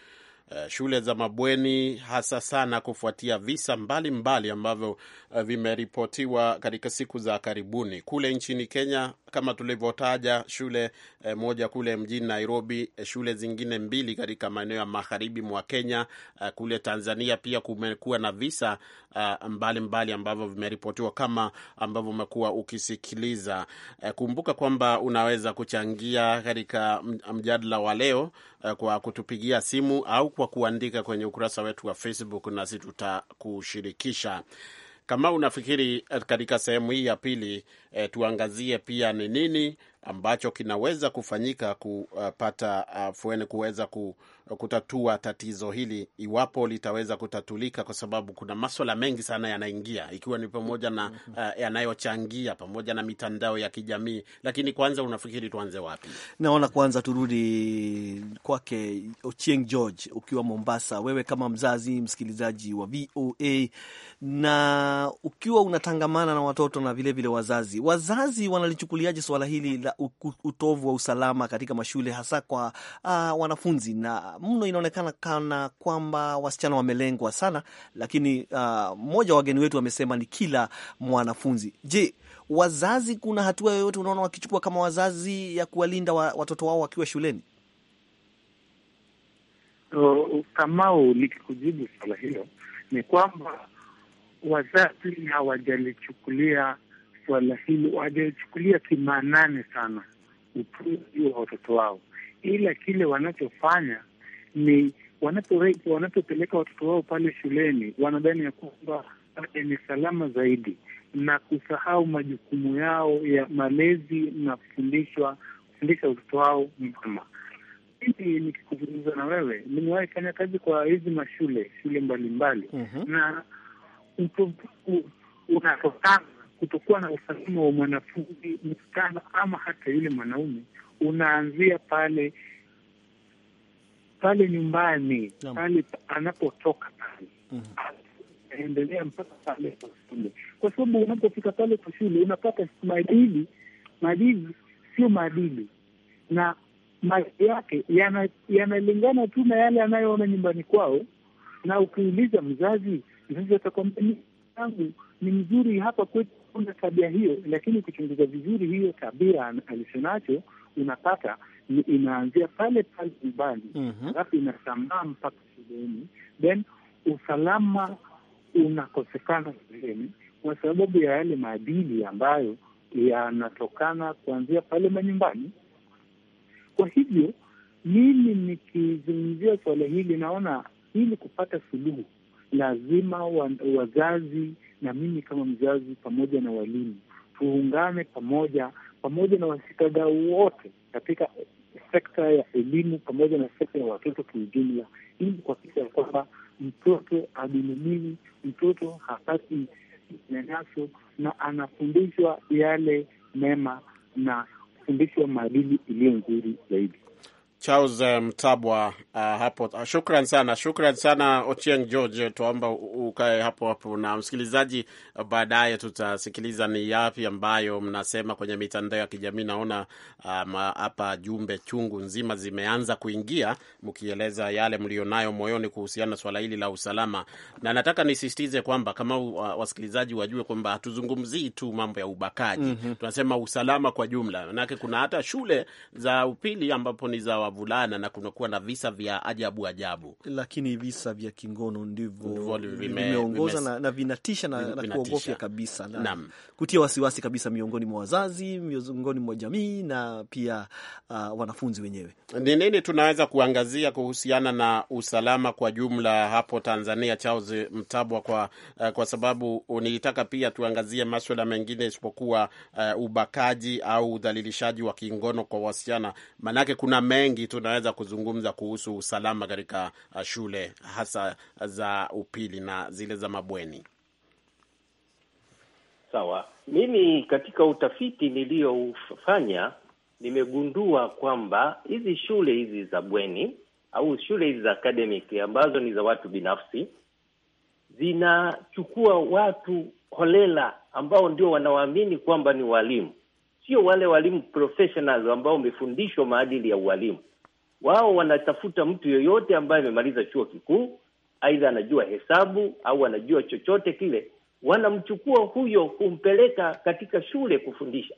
Eh, shule za mabweni hasa sana kufuatia visa mbalimbali ambavyo eh, vimeripotiwa katika siku za karibuni kule nchini Kenya. Kama tulivyotaja, shule eh, moja kule mjini Nairobi, shule zingine mbili katika maeneo ya magharibi mwa Kenya. Kule Tanzania pia kumekuwa na visa uh, mbalimbali ambavyo vimeripotiwa kama ambavyo umekuwa ukisikiliza. Uh, kumbuka kwamba unaweza kuchangia katika mjadala wa leo uh, kwa kutupigia simu au kwa kuandika kwenye ukurasa wetu wa Facebook, nasi tutakushirikisha kama unafikiri uh, katika sehemu hii ya pili. Eh, tuangazie pia ni nini ambacho kinaweza kufanyika kupata afueni, uh, kuweza uh, kutatua tatizo hili, iwapo litaweza kutatulika, kwa sababu kuna maswala mengi sana yanaingia, ikiwa ni pamoja na mm-hmm. uh, yanayochangia pamoja na mitandao ya kijamii. Lakini kwanza, unafikiri tuanze wapi? Naona kwanza turudi kwake Ochieng George, ukiwa Mombasa, wewe kama mzazi, msikilizaji wa VOA na ukiwa unatangamana na watoto na vilevile vile wazazi, wazazi wanalichukuliaje swala hili? utovu wa usalama katika mashule hasa kwa uh, wanafunzi na mno inaonekana kana kwamba wasichana wamelengwa sana, lakini uh, mmoja wa wageni wetu amesema ni kila mwanafunzi. Je, wazazi, kuna hatua yoyote unaona wakichukua kama wazazi ya kuwalinda wa, watoto wao wakiwa shuleni? Kamau, likikujibu swala hilo ni kwamba wazazi hawajalichukulia suala hili wajachukulia kimanane sana utunzi wa watoto wao, ila kile wanachofanya ni wanapopeleka watoto wao pale shuleni, wanadhani ya kwamba ni salama zaidi na kusahau majukumu yao ya malezi na kufundishwa kufundisha watoto wao mama. Mimi nikikuzungumza na wewe, nimewahi fanya kazi kwa hizi mashule shule mbalimbali mbali. Mm -hmm. na utovu unatokana kutokuwa na usalama wa mwanafunzi msichana ama hata yule mwanaume unaanzia pale pale nyumbani pale anapotoka pale mhm. aendelea mpaka pale kwa shule, kwa sababu unapofika pale kwa shule unapata maadili. Maadili sio maadili, na maadili yake yanalingana tu na yale anayoona nyumbani kwao, na ukiuliza mzazi, mzazi atakwambia yangu ni mzuri hapa kwetu kuna tabia hiyo, lakini ukichunguza vizuri hiyo tabia alichonacho unapata ni inaanzia pale pale nyumbani, mhm. alafu mm -hmm. inasambaa mpaka shuleni, then usalama unakosekana shuleni kwa sababu ya yale maadili ambayo yanatokana kuanzia pale manyumbani. Kwa hivyo mimi nikizungumzia suala hili, naona ili kupata suluhu lazima wa, wazazi na mimi kama mzazi pamoja na walimu tuungane pamoja, pamoja na washikadau wote katika sekta ya elimu pamoja na sekta ya watoto kiujumla, ili kuhakikisha ya kwamba mtoto adhulumiwi, mtoto hapati nyanyaso na anafundishwa yale mema na kufundishwa maadili iliyo nzuri zaidi. Charles eh, Mtabwa. Uh, hapo ah, shukran sana, shukran sana Ochieng George, tuomba ukae hapo hapo na msikilizaji. Eh, baadaye tutasikiliza ni yapi ambayo mnasema kwenye mitandao ya kijamii. Naona ah, hapa um, jumbe chungu nzima zimeanza kuingia mkieleza yale mlionayo moyoni kuhusiana na swala hili la usalama, na nataka nisisitize kwamba kama wasikilizaji wajue kwamba hatuzungumzii tu mambo ya ubakaji mm -hmm. Tunasema usalama kwa jumla, manake kuna hata shule za upili ambapo ni za wavulana na kunakuwa na visa vya ajabu ajabu, lakini visa vya kingono ndivyo vimeongoza na, na vinatisha na, na kuogofya kabisa na, na kutia wasiwasi kabisa miongoni mwa wazazi, miongoni mwa jamii na pia uh, wanafunzi wenyewe. Ni nini tunaweza kuangazia kuhusiana na usalama kwa jumla hapo Tanzania, Charles Mtabwa? Kwa, uh, kwa sababu nilitaka pia tuangazie maswala mengine isipokuwa uh, ubakaji au udhalilishaji wa kingono kwa wasichana, maanake kuna mengi mengi tunaweza kuzungumza kuhusu usalama katika uh, shule hasa za upili na zile za mabweni. Sawa, mimi katika utafiti niliyofanya nimegundua kwamba hizi shule hizi za bweni au shule hizi za academic ambazo ni za watu binafsi zinachukua watu holela ambao ndio wanawaamini kwamba ni walimu, sio wale walimu ambao wamefundishwa maadili ya ualimu wao wanatafuta mtu yoyote ambaye amemaliza chuo kikuu, aidha anajua hesabu au anajua chochote kile, wanamchukua huyo, humpeleka katika shule kufundisha.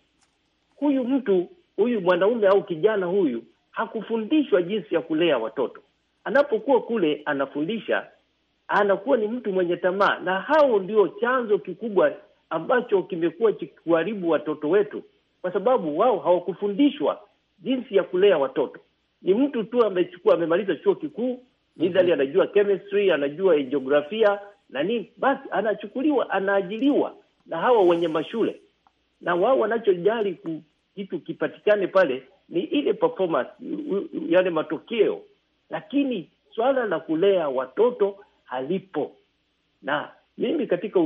Huyu mtu huyu mwanaume au kijana huyu hakufundishwa jinsi ya kulea watoto. Anapokuwa kule anafundisha, anakuwa ni mtu mwenye tamaa, na hao ndio chanzo kikubwa ambacho kimekuwa kikuharibu watoto wetu, kwa sababu wao hawakufundishwa jinsi ya kulea watoto ni mtu tu amechukua, amemaliza chuo kikuu mm -hmm. anajua chemistry, anajua jiografia na nini, basi anachukuliwa, anaajiliwa na hawa wenye mashule, na wao wanachojali kitu kipatikane pale ni ile performance, yale matokeo, lakini swala la kulea watoto halipo. Na mimi katika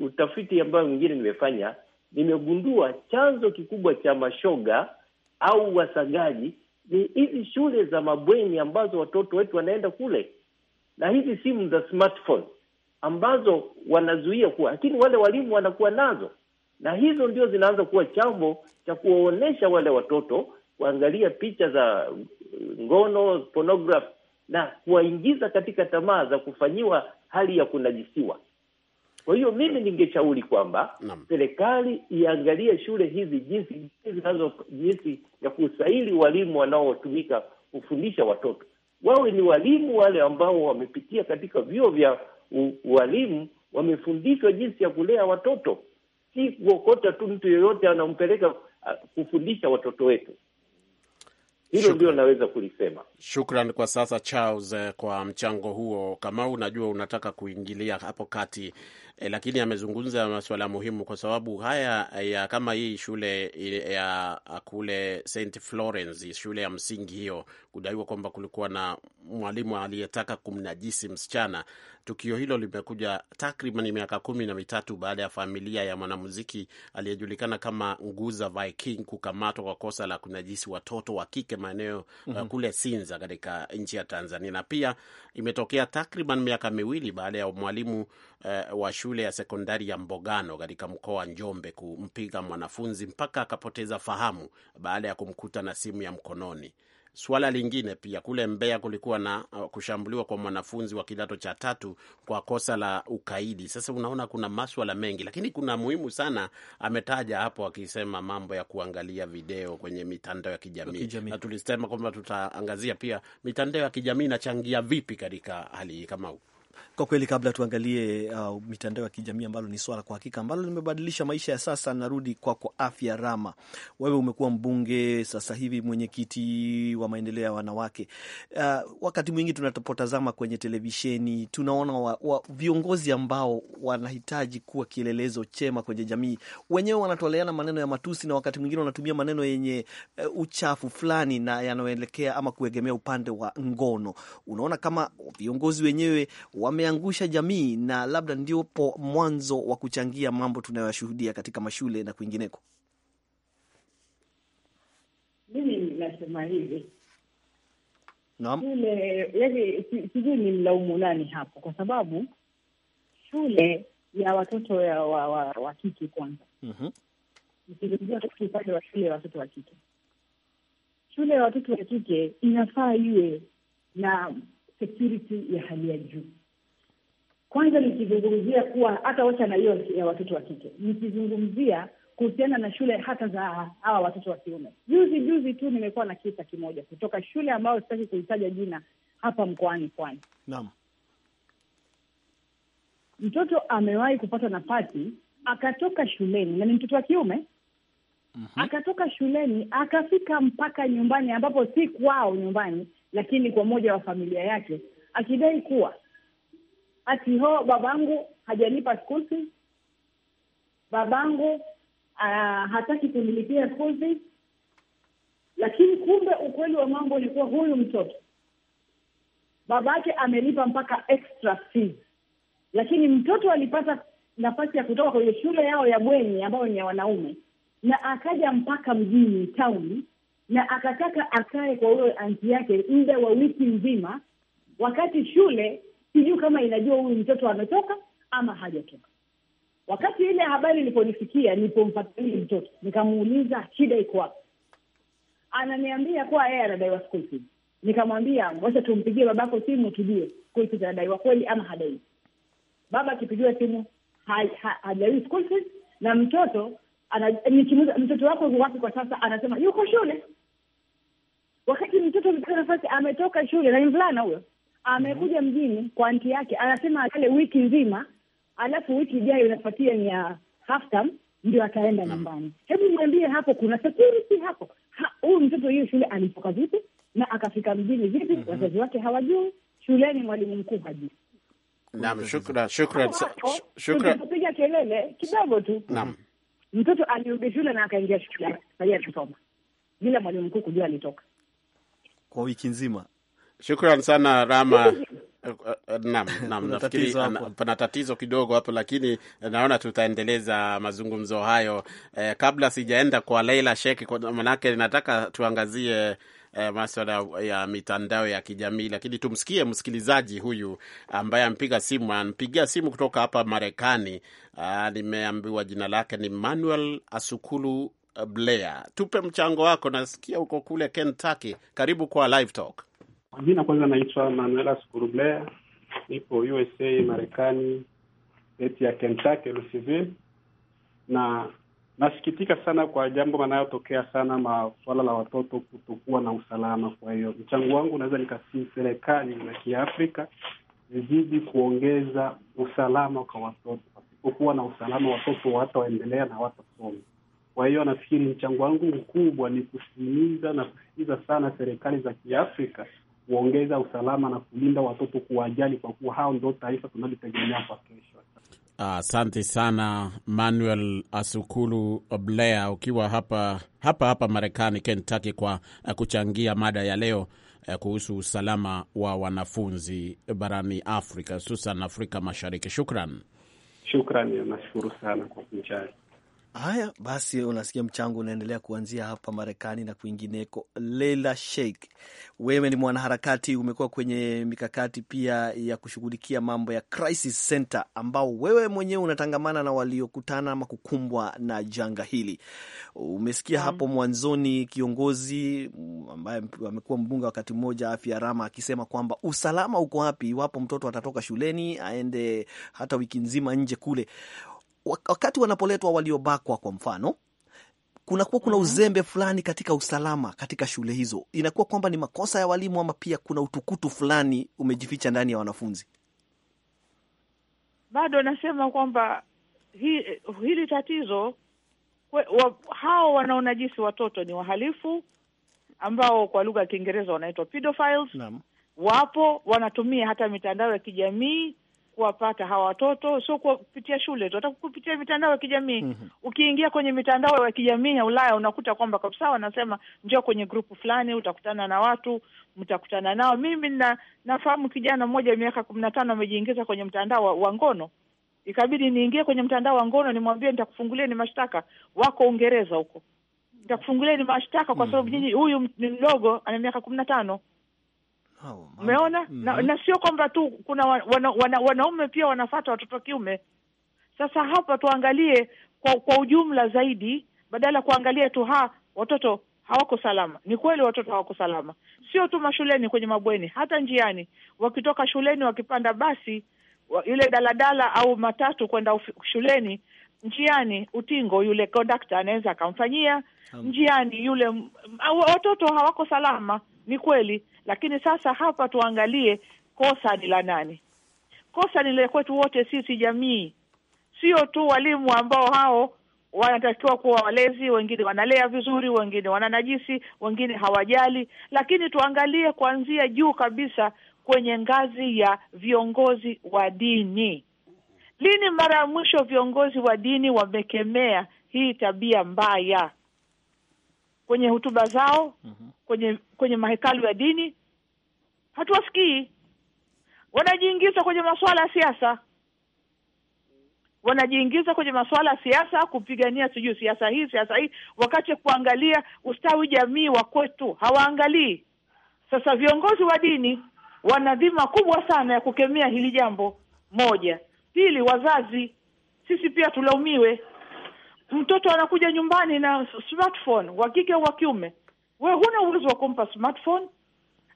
utafiti ambayo mwingine nimefanya, nimegundua chanzo kikubwa cha mashoga au wasagaji ni hizi shule za mabweni ambazo watoto wetu wanaenda kule, na hizi simu za smartphone ambazo wanazuia kuwa, lakini wale walimu wanakuwa nazo, na hizo ndio zinaanza kuwa chambo cha kuwaonyesha wale watoto kuangalia picha za ngono pornograph, na kuwaingiza katika tamaa za kufanyiwa hali ya kunajisiwa. Kwa hiyo mimi ningeshauri kwamba serikali iangalie shule hizi jinsi zinazo jinsi ya kusaili walimu wanaotumika kufundisha watoto, wawe ni walimu wale ambao wamepitia katika vyuo vya walimu wamefundishwa jinsi ya kulea watoto, si kuokota tu mtu yeyote anampeleka kufundisha watoto wetu. Hilo ndio naweza kulisema. Shukran kwa sasa Charles, eh, kwa mchango huo. Kama unajua unataka kuingilia hapo kati e, lakini amezungumza masuala muhimu, kwa sababu haya ya kama hii shule ya kule St Florence, shule ya msingi hiyo, kudaiwa kwamba kulikuwa na mwalimu aliyetaka kumnajisi msichana. Tukio hilo limekuja takriban miaka kumi na mitatu baada ya familia ya mwanamuziki aliyejulikana kama Nguza Viking kukamatwa kwa kosa la kunajisi watoto wa kike maeneo mm -hmm. kule Sinza katika nchi ya Tanzania, na pia imetokea takriban miaka miwili baada ya mwalimu uh, wa shule ya sekondari ya Mbogano katika mkoa wa Njombe kumpiga mwanafunzi mpaka akapoteza fahamu baada ya kumkuta na simu ya mkononi. Suala lingine pia, kule Mbeya kulikuwa na uh, kushambuliwa kwa mwanafunzi wa kidato cha tatu kwa kosa la ukaidi. Sasa unaona kuna maswala mengi, lakini kuna muhimu sana ametaja hapo, akisema mambo ya kuangalia video kwenye mitandao ya kijamii, na tulisema kwamba tutaangazia pia mitandao ya kijamii inachangia vipi katika hali hii kama kwa kweli, kabla tuangalie uh, mitandao ya kijamii ambalo ni swala kwa hakika ambalo limebadilisha maisha ya sasa, narudi kwako kwa Afya Rama. Wewe umekuwa mbunge, sasa hivi mwenyekiti wa maendeleo ya wanawake. Uh, wakati mwingi tunapotazama kwenye televisheni tunaona wa, wa, viongozi ambao wanahitaji kuwa kielelezo chema kwenye jamii, wenyewe wanatoleana maneno ya matusi na wakati mwingine wanatumia maneno yenye uh, uchafu fulani na yanayoelekea ama kuegemea upande wa ngono. Unaona kama viongozi wenyewe wame wameangusha jamii na labda ndiopo mwanzo wa kuchangia mambo tunayoyashuhudia katika mashule na kwingineko? Mimi nasema hivi shule, yani sijui ni mlaumu nani hapo, kwa sababu shule ya watoto ya wa, wa, wa kike kwanza, -hmm. kuhusu upande wa shule ya watoto wa kike, shule ya watoto wa kike inafaa iwe na security ya hali ya juu, kwanza nikizungumzia kuwa hata wacha na hiyo ya watoto wa kike, nikizungumzia kuhusiana na shule hata za hawa watoto wa kiume. Juzi juzi tu nimekuwa na kisa kimoja kutoka shule ambayo sitaki kuitaja jina hapa mkoani Pwani. Naam, mtoto amewahi kupata nafasi akatoka shuleni na ni mtoto wa kiume mm -hmm. Akatoka shuleni akafika mpaka nyumbani, ambapo si kwao nyumbani, lakini kwa moja wa familia yake, akidai kuwa ati ho babangu hajalipa school fees, babangu uh, hataki kunilipia school fees. Lakini kumbe ukweli wa mambo ulikuwa huyu mtoto babake amelipa mpaka extra fees, lakini mtoto alipata nafasi ya kutoka kwenye shule yao ya bweni ambayo ni ya wanaume, na akaja mpaka mjini town na akataka akae kwa huyo anti yake muda wa wiki nzima, wakati shule sijui kama inajua huyu mtoto ametoka ama hajatoka. Wakati ile habari iliponifikia, nilipomfuatilia mtoto nikamuuliza shida iko wapi, ananiambia kuwa yeye anadaiwa school fees. Nikamwambia wacha tumpigie babako simu tujue school fees anadaiwa kweli ama hadaiwi. Baba akipigiwa simu hajadai ha, school fees na mtoto ana, nikimuza mtoto wako wapi kwa sasa, anasema yuko shule, wakati mtoto nafasi ametoka shule na ni mvulana huyo amekuja mjini kwa anti yake, anasema akale wiki nzima, alafu wiki ijayo inafuatia ni ya half ndio ataenda mm. nyumbani. Hebu mwambie hapo kuna security hapo? Huyu mtoto hiyo shule alitoka vipi na akafika mjini vipi? Mhm. Wazazi wake hawajui, shuleni mwalimu mkuu hajui. Naam, shukran, shukran, shukran. kelele kidogo tu. Naam, mtoto alirudi shule na akaingia shule, akaja kusoma bila mwalimu mkuu kujua alitoka kwa wiki nzima. Shukran sana Rama. Naam, naam, nafikiri pana tatizo kidogo hapo, lakini naona tutaendeleza mazungumzo hayo eh, kabla sijaenda kwa Leila Sheikh, manake nataka tuangazie eh, maswala ya mitandao ya kijamii, lakini tumsikie msikilizaji huyu ambaye ampiga simu, anpigia simu kutoka hapa Marekani. Ah, nimeambiwa jina lake ni Manuel Asukulu Blair. Tupe mchango wako, nasikia uko kule Kentucky. Karibu kwa Live Talk. Kwa jina kwanza, naitwa Manuela Skuruble, nipo USA Marekani, state ya Kentucky, Louisville, na nasikitika sana kwa jambo yanayotokea sana maswala la watoto kutokuwa na usalama. Kwa hiyo mchango wangu unaweza nikasii serikali za Kiafrika zizidi kuongeza usalama kwa watoto. Pasipokuwa na usalama, watoto hawataendelea na watasoma Kwa hiyo nafikiri mchango wangu mkubwa ni kusimiza na kusisitiza sana serikali za Kiafrika kuongeza usalama na kulinda watoto, kuwajali, kwa kuwa hao ndio taifa tunalitegemea kwa kesho. Asante uh, sana Manuel Asukulu blea ukiwa hapa hapa hapa Marekani, Kentucky, kwa kuchangia mada ya leo eh, kuhusu usalama wa wanafunzi barani Afrika, hususan Afrika Mashariki. Shukran, shukran, nashukuru sana kwa kunjali. Haya basi, unasikia mchango unaendelea kuanzia hapa Marekani na kwingineko. Leila Sheikh, wewe ni mwanaharakati, umekuwa kwenye mikakati pia ya kushughulikia mambo ya crisis center, ambao wewe mwenyewe unatangamana na waliokutana ama kukumbwa na janga hili. Umesikia mm, hapo mwanzoni kiongozi ambaye amekuwa mbunge wakati mmoja, Afya Rama, akisema kwamba usalama uko wapi iwapo mtoto atatoka shuleni aende hata wiki nzima nje kule wakati wanapoletwa waliobakwa, kwa mfano kunakuwa kuna mhm. uzembe fulani katika usalama katika shule hizo. Inakuwa kwamba ni makosa ya walimu ama pia kuna utukutu fulani umejificha ndani ya wanafunzi. Bado nasema kwamba hi, hili tatizo kwe, wa, hao wanaona watoto ni wahalifu ambao kwa lugha ya Kiingereza wanaitwa pedophiles. Naam. Wapo wanatumia hata mitandao ya kijamii kuwapata hawa watoto, sio kupitia shule tu, hata kupitia mitandao ya kijamii mm -hmm. Ukiingia kwenye mitandao ya kijamii ya Ulaya unakuta kwamba kabisa wanasema njoo kwenye grupu fulani, utakutana na watu, mtakutana nao. Mimi na, nafahamu kijana mmoja miaka kumi na tano amejiingiza kwenye mtandao wa ngono, ikabidi niingie kwenye mtandao wa ngono nimwambie nitakufungulia ni mashtaka, wako Uingereza huko, nitakufungulia ni mashtaka kwa mhm. sababu mm -hmm. nyinyi, huyu ni mdogo, ana miaka kumi na tano. Umeona? mm -hmm. Na, sio kwamba tu kuna wana, wana, wanaume pia wanafata watoto wa kiume. Sasa hapa tuangalie kwa, kwa ujumla zaidi, badala ya kuangalia tu ha watoto hawako salama. Ni kweli watoto hawako salama, sio tu mashuleni, kwenye mabweni, hata njiani, wakitoka shuleni, wakipanda basi ile daladala au matatu kwenda shuleni, njiani utingo yule kondakta anaweza akamfanyia njiani yule. Watoto hawako salama, ni kweli, lakini sasa hapa tuangalie kosa ni la nani? Kosa ni la kwetu wote sisi jamii, sio tu walimu ambao hao wanatakiwa kuwa walezi. Wengine wanalea vizuri, wengine wananajisi, wengine hawajali. Lakini tuangalie kuanzia juu kabisa kwenye ngazi ya viongozi wa dini. Lini mara ya mwisho viongozi wa dini wamekemea hii tabia mbaya? kwenye hutuba zao mm-hmm. kwenye kwenye mahekalu ya dini hatuwasikii. Wanajiingiza kwenye masuala ya siasa, wanajiingiza kwenye masuala ya siasa, kupigania sijui siasa hii siasa hii, wakati kuangalia ustawi jamii wa kwetu hawaangalii. Sasa viongozi wa dini wana dhima kubwa sana ya kukemea hili jambo. Moja, pili, wazazi sisi pia tulaumiwe mtoto anakuja nyumbani na smartphone, wa kike wa kiume, we huna uwezo wa kumpa smartphone.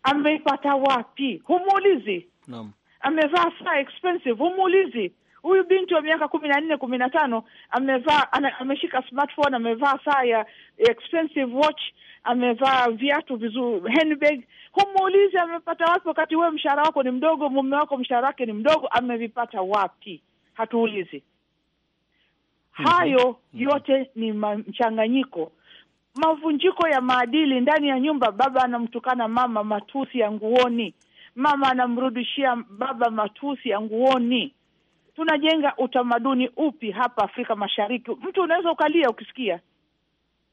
Ameipata wapi? Humuulizi. Naam, amevaa saa expensive, humuulizi. Huyu binti wa miaka kumi na nne kumi na tano amevaa ameshika smartphone, amevaa saa ya expensive watch, amevaa viatu vizuri, handbag. Humuulizi amepata wapi, wakati wewe mshahara wako ni mdogo, mume wako mshahara wake ni mdogo. Amevipata wapi? Hatuulizi. Mhm. Hayo mhm. yote ni mchanganyiko, mavunjiko ya maadili ndani ya nyumba. Baba anamtukana mama, matusi ya nguoni. Mama anamrudishia baba matusi ya nguoni. Tunajenga utamaduni upi hapa Afrika Mashariki? Mtu unaweza ukalia, ukisikia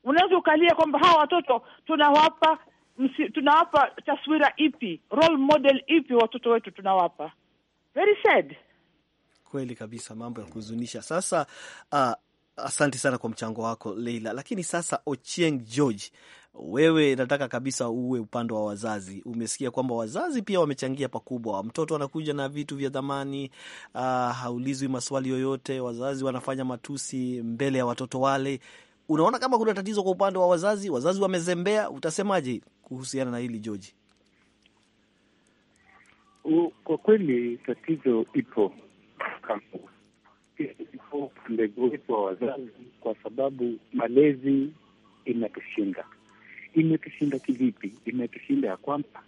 unaweza ukalia kwamba hawa watoto tunawapa msi, tunawapa taswira ipi? Role model ipi watoto wetu tunawapa? Very sad kweli kabisa, mambo ya kuhuzunisha. Sasa uh, asante sana kwa mchango wako Leila, lakini sasa Ochieng George wewe nataka kabisa uwe upande wa wazazi. Umesikia kwamba wazazi pia wamechangia pakubwa. Mtoto anakuja na vitu vya dhamani, uh, haulizwi maswali yoyote. Wazazi wanafanya matusi mbele ya watoto wale. Unaona kama kuna tatizo kwa upande wa wazazi, wazazi wamezembea. Utasemaje kuhusiana na hili George? Kwa kweli tatizo ipo kamwe. Iko upande wetu wa wazazi, kwa sababu malezi imetushinda. Imetushinda kivipi? Imetushinda ya kwamba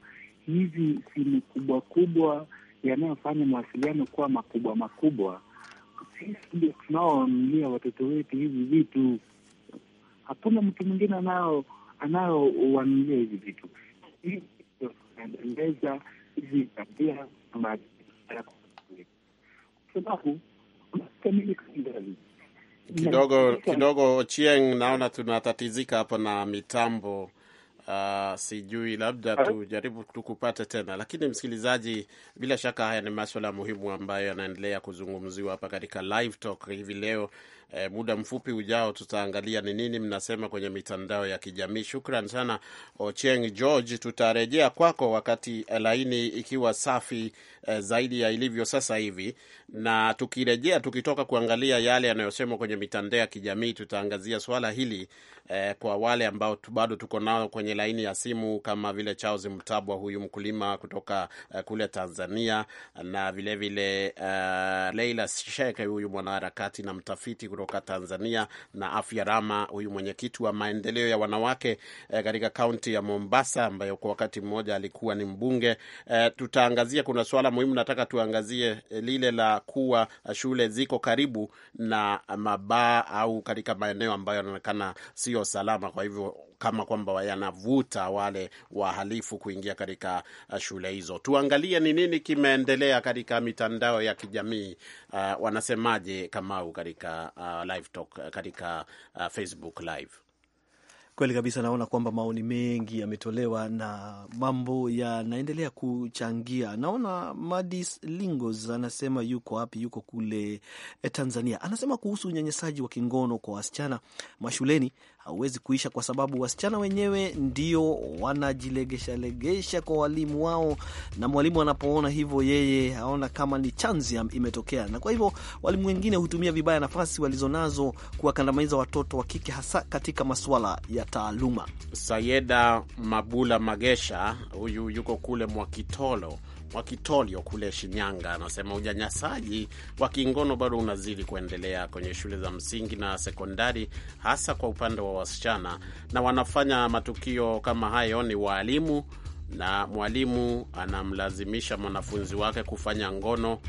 hizi simu kubwa kubwa yanayofanya mawasiliano kuwa makubwa makubwa, sisi ndio tunaowanunulia watoto wetu hivi vitu. Hakuna mtu mwingine anao hivi vitu, hivi hizi tabia ya sababu kidogo kidogo. Chieng, naona tunatatizika hapa na mitambo Uh, sijui labda tujaribu tukupate tena, lakini msikilizaji, bila shaka haya ni maswala muhimu ambayo yanaendelea kuzungumziwa hapa katika live talk hivi leo, E, muda mfupi ujao tutaangalia ni nini mnasema kwenye mitandao ya kijamii. Shukran sana Ocheng George, tutarejea kwako wakati eh, laini ikiwa safi e, zaidi ya ilivyo sasa hivi, na tukirejea, tukitoka kuangalia yale yanayosemwa kwenye mitandao ya kijamii, tutaangazia swala hili e, kwa wale ambao bado tuko nao kwenye laini ya simu kama vile Charles Mtabwa, huyu mkulima kutoka e, kule Tanzania, na vilevile vile, uh, Leila Sheikh, huyu mwanaharakati na mtafiti kutoka Tanzania na Afya Rama, huyu mwenyekiti wa maendeleo ya wanawake eh, katika eh, kaunti ya Mombasa, ambayo kwa wakati mmoja alikuwa ni mbunge eh, tutaangazia, kuna swala muhimu nataka tuangazie eh, lile la kuwa shule ziko karibu na mabaa au katika maeneo ambayo yanaonekana sio salama, kwa hivyo kama kwamba yanavuta wale wahalifu kuingia katika eh, shule hizo. Tuangalie ni nini kimeendelea katika mitandao ya kijamii uh, wanasemaje Kamau katika uh, Uh, live talk uh, katika uh, Facebook live. Kweli kabisa, naona kwamba maoni mengi yametolewa na mambo yanaendelea kuchangia. Naona Madis Lingos anasema yuko wapi? Yuko kule eh, Tanzania. Anasema kuhusu unyanyasaji wa kingono kwa wasichana mashuleni, hauwezi kuisha, kwa sababu wasichana wenyewe ndio wanajilegeshalegesha kwa walimu wao, na mwalimu anapoona hivyo, yeye aona kama ni chanzi imetokea, na kwa hivyo walimu wengine hutumia vibaya nafasi walizonazo kuwakandamiza watoto wa kike, hasa katika masuala ya taaluma. Sayeda Mabula Magesha huyu yuko kule Mwakitolo wa Kitolio kule Shinyanga anasema unyanyasaji wa kingono bado unazidi kuendelea kwenye shule za msingi na sekondari, hasa kwa upande wa wasichana, na wanafanya matukio kama hayo ni waalimu na mwalimu anamlazimisha mwanafunzi wake kufanya ngono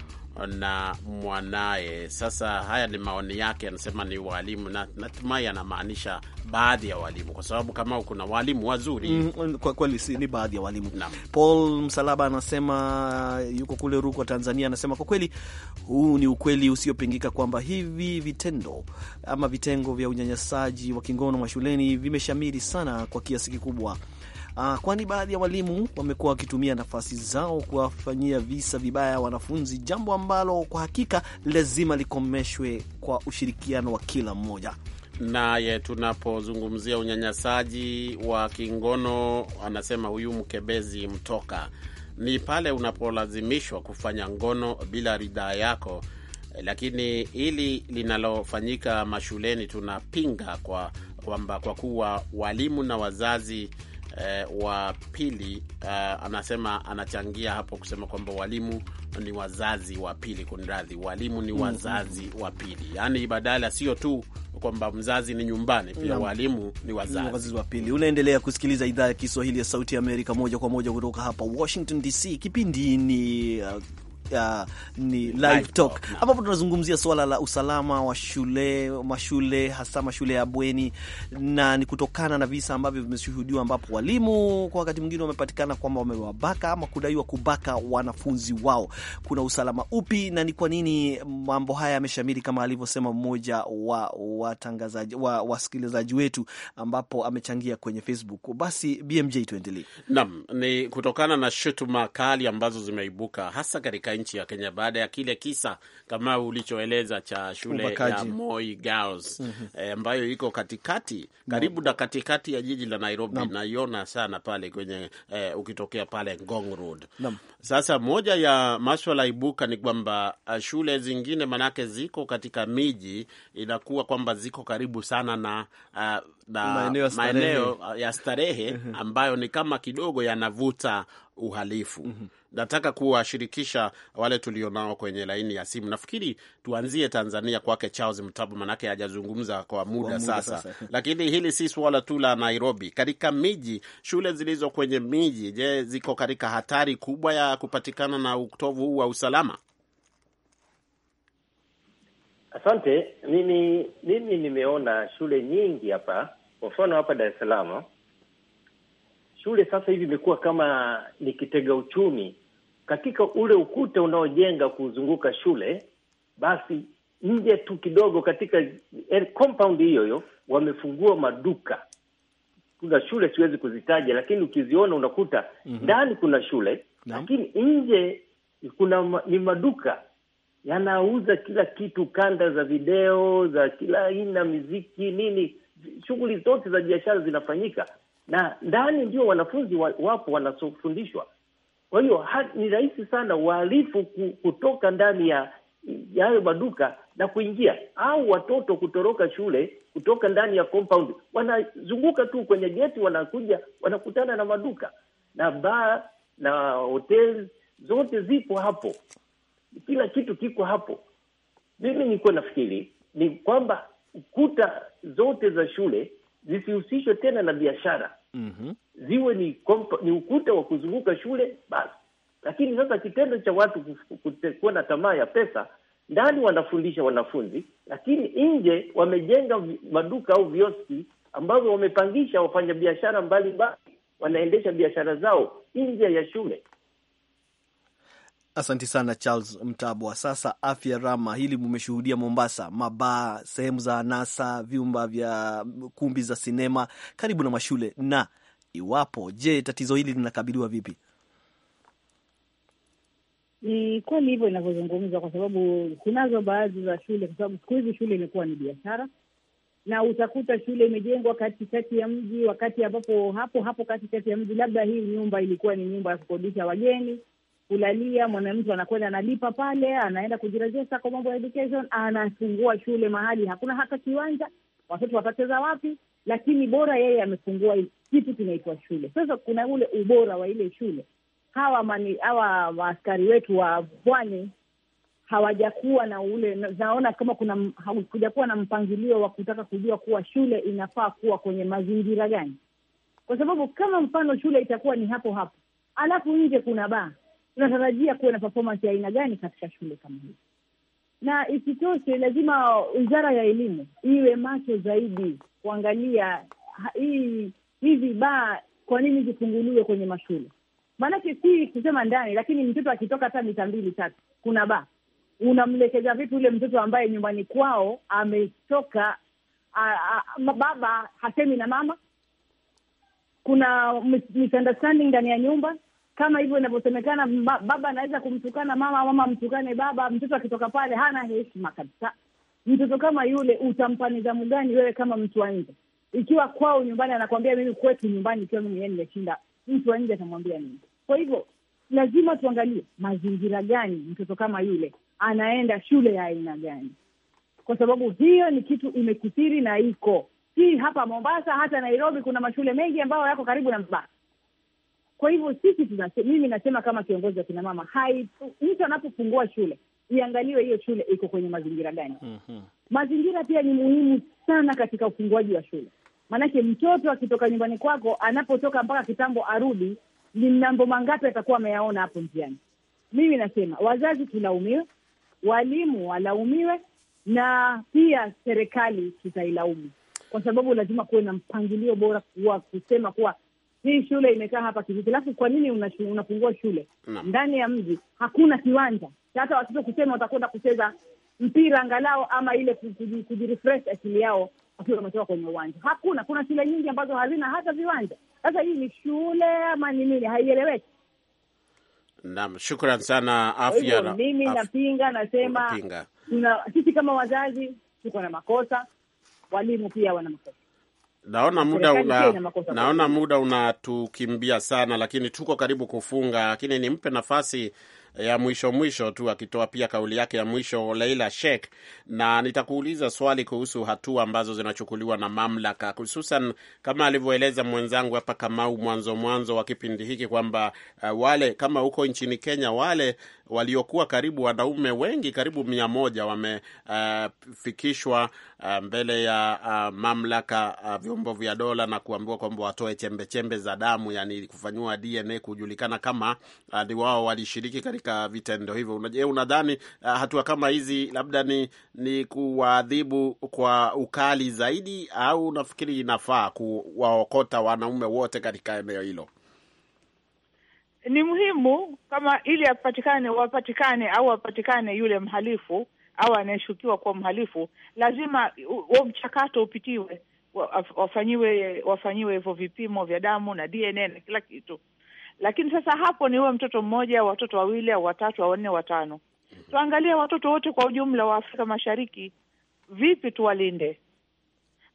na mwanaye. Sasa haya ni maoni yake, anasema ni walimu, na natumai anamaanisha baadhi ya walimu, kwa sababu kama kuna walimu wazuri mm, kwa kweli si ni baadhi ya walimu na. Paul Msalaba anasema yuko kule Rukwa, Tanzania, anasema kwa kweli huu ni ukweli usiopingika kwamba hivi vitendo ama vitengo vya unyanyasaji wa kingono mashuleni vimeshamiri sana kwa kiasi kikubwa ah, kwani baadhi ya walimu wamekuwa wakitumia nafasi zao kuwafanyia visa vibaya wanafunzi, jambo ambalo kwa hakika lazima likomeshwe kwa ushirikiano wa kila mmoja. Naye tunapozungumzia unyanyasaji wa kingono, anasema huyu mkebezi mtoka ni pale unapolazimishwa kufanya ngono bila ridhaa yako, lakini hili linalofanyika mashuleni tunapinga kwa kwamba kwa kuwa walimu na wazazi eh, wa pili eh, anasema anachangia hapo kusema kwamba walimu ni wazazi wa pili, kunradhi, walimu ni wazazi mhm. wa pili, yaani badala sio tu kwamba mzazi ni nyumbani pia Walimu ni wazazi, wazazi wa pili. Unaendelea kusikiliza idhaa ya Kiswahili ya Sauti ya Amerika moja kwa moja kutoka hapa Washington DC. Kipindi ni uh, Uh, ni live talk ambapo tunazungumzia swala la usalama wa shule mashule hasa mashule ya bweni, na ni kutokana na visa ambavyo vimeshuhudiwa, ambapo walimu kwa wakati mwingine wamepatikana kwamba wamewabaka ama kudaiwa kubaka wanafunzi wao. Kuna usalama upi na ni kwa nini mambo haya yameshamiri, kama alivyosema mmoja wa watangazaji wa wasikilizaji wetu, ambapo amechangia kwenye Facebook. Basi BMJ, tuendelee. Naam, ni kutokana na shutuma kali ambazo zimeibuka hasa katika nchi ya Kenya baada ya kile kisa kama ulichoeleza cha shule Ubakaji. ya Moi Girls mhm. eh, ambayo mm -hmm. e, iko katikati karibu na katikati ya jiji la Nairobi, naiona sana pale kwenye e, ukitokea pale Ngong Road. Sasa moja ya maswala ibuka ni kwamba eh, shule zingine manake ziko katika miji inakuwa kwamba ziko karibu sana na, na maeneo ya starehe ambayo ni kama kidogo yanavuta uhalifu. mm -hmm nataka kuwashirikisha wale tulionao kwenye laini ya simu. Nafikiri tuanzie Tanzania kwake Charles Mtabu, manake hajazungumza kwa muda, muda sasa, sasa. Lakini hili si suala tu la Nairobi. Katika miji, shule zilizo kwenye miji, je, ziko katika hatari kubwa ya kupatikana na utovu huu wa usalama? Asante. Mimi mimi nimeona shule nyingi hapa, kwa mfano hapa Dar es Salaam shule sasa hivi imekuwa kama ni kitega uchumi katika ule ukuta unaojenga kuzunguka shule, basi nje tu kidogo katika compound hiyo hiyo wamefungua maduka. Kuna shule siwezi kuzitaja, lakini ukiziona unakuta mhm. ndani mm -hmm. kuna shule no. lakini nje kuna ni maduka yanauza kila kitu, kanda za video za kila aina, miziki, nini, shughuli zote za biashara zinafanyika, na ndani ndio wanafunzi wapo wanafundishwa. Kwa hiyo ni rahisi sana wahalifu kutoka ndani ya hayo maduka na kuingia au watoto kutoroka shule kutoka ndani ya compound, wanazunguka tu kwenye geti, wanakuja wanakutana na maduka na baa na hoteli zote zipo hapo, kila kitu kiko hapo. Mimi nilikuwa nafikiri ni kwamba kuta zote za shule zisihusishwe tena na biashara, mm -hmm. ziwe ni kompa, ni ukuta wa kuzunguka shule basi. Lakini sasa kitendo cha watu kuwa na tamaa ya pesa, ndani wanafundisha wanafunzi, lakini nje wamejenga maduka au vioski ambavyo wamepangisha wafanyabiashara mbalimbali, wanaendesha biashara zao nje ya shule asanti sana Charles Mtabwa. Sasa afya rama, hili mumeshuhudia Mombasa, mabaa, sehemu za anasa, vyumba vya kumbi za sinema karibu na mashule na iwapo. Je, tatizo hili linakabiliwa vipi? Ni kweli hivyo inavyozungumzwa, kwa sababu kunazo baadhi za shule, kwa sababu siku hizi shule imekuwa ni biashara, na utakuta shule imejengwa katikati ya mji, wakati ambapo hapo hapo katikati ya mji labda hii nyumba ilikuwa ni nyumba ya kukodisha wageni kulalia, mwanamtu anakwenda analipa pale, anaenda kujirejesta kwa mambo ya education, anafungua shule mahali hakuna hata kiwanja, watoto watacheza wapi? Lakini bora yeye amefungua kitu kinaitwa shule. Sasa kuna ule ubora wa ile shule. Hawa mani, hawa waaskari wetu wa pwani hawajakuwa na ule, naona kama kuna hakujakuwa na mpangilio wa kutaka kujua kuwa shule inafaa kuwa kwenye mazingira gani, kwa sababu kama mfano shule itakuwa ni hapo hapo, alafu nje kuna baa, tunatarajia kuwe na performance ya aina gani katika shule kama hii. Na isitoshe, lazima wizara ya elimu iwe macho zaidi kuangalia hii hivi baa kwa nini zifunguliwe kwenye mashule, maanake si kusema ndani, lakini mtoto akitoka hata mita mbili tatu kuna baa, unamlekeza vipi ule mtoto ambaye nyumbani kwao ametoka baba hasemi na mama, kuna misunderstanding ndani ya nyumba kama hivyo inavyosemekana, baba anaweza kumtukana mama, mama mtukane baba. Mtoto akitoka pale hana heshima kabisa. Mtoto kama yule utampa nidhamu gani wewe kama mtu wa nje? Ikiwa kwao nyumbani anakwambia mimi kwetu nyumbani, ikiwa mimi mwenyewe nimeshinda, mtu wa nje atamwambia nini? Kwa hivyo lazima tuangalie mazingira gani mtoto kama yule anaenda shule ya aina gani, kwa sababu hiyo ni kitu imekithiri na iko hii hapa Mombasa, hata Nairobi kuna mashule mengi ambayo yako karibu na Mombasa kwa hivyo sisi mimi nasema kama kiongozi wa kinamama, mtu anapofungua shule iangaliwe hiyo shule iko kwenye mazingira gani. mm -hmm. Mazingira pia ni muhimu sana katika ufunguaji wa shule, maanake mtoto akitoka nyumbani kwako, anapotoka mpaka kitambo arudi, ni mambo mangapi atakuwa ameyaona hapo njiani. Mimi nasema wazazi tulaumiwe, walimu walaumiwe, na pia serikali tutailaumu, kwa sababu lazima kuwe na mpangilio bora wa kusema kuwa hii shule imekaa hapa kivipi? alafu kwa nini unafungua shule no. ndani ya mji? Hakuna kiwanja hata watoto kusema watakwenda kucheza mpira angalau ama ile kujirefresh akili yao wakiwa wametoka kwenye uwanja. Hakuna, kuna shule nyingi ambazo hazina hata viwanja. Sasa hii ni shule ama ni nini? Haieleweki. Naam, shukran sana afya na mimi napinga, nasema sisi kama wazazi tuko na makosa, walimu pia wana makosa. Naona muda una, naona muda unatukimbia sana, lakini tuko karibu kufunga, lakini nimpe nafasi ya mwisho mwisho tu akitoa pia kauli yake ya mwisho Leila Sheikh, na nitakuuliza swali kuhusu hatua ambazo zinachukuliwa na mamlaka, hususan kama alivyoeleza mwenzangu hapa Kamau mwanzo mwanzo wa kipindi hiki kwamba uh, wale kama huko nchini Kenya wale waliokuwa karibu wanaume wengi karibu mia moja wamefikishwa uh, uh, mbele ya uh, mamlaka uh, vyombo vya dola na kuambiwa kwamba watoe chembe chembe za damu, yani kufanyiwa DNA kujulikana kama uh, ni wao walishiriki katika vitendo hivyo. Je, unadhani uh, hatua kama hizi labda ni, ni kuwaadhibu kwa ukali zaidi, au nafikiri inafaa kuwaokota wanaume wote katika eneo hilo? ni muhimu kama ili apatikane, wapatikane au apatikane yule mhalifu au anayeshukiwa kuwa mhalifu, lazima huo mchakato upitiwe, wafanyiwe wafanyiwe hivyo vipimo vya damu na DNA na kila kitu. Lakini sasa hapo ni huwe mtoto mmoja, watoto wawili au watatu au wanne, watano. Tuangalie watoto wote kwa ujumla wa Afrika Mashariki, vipi tuwalinde,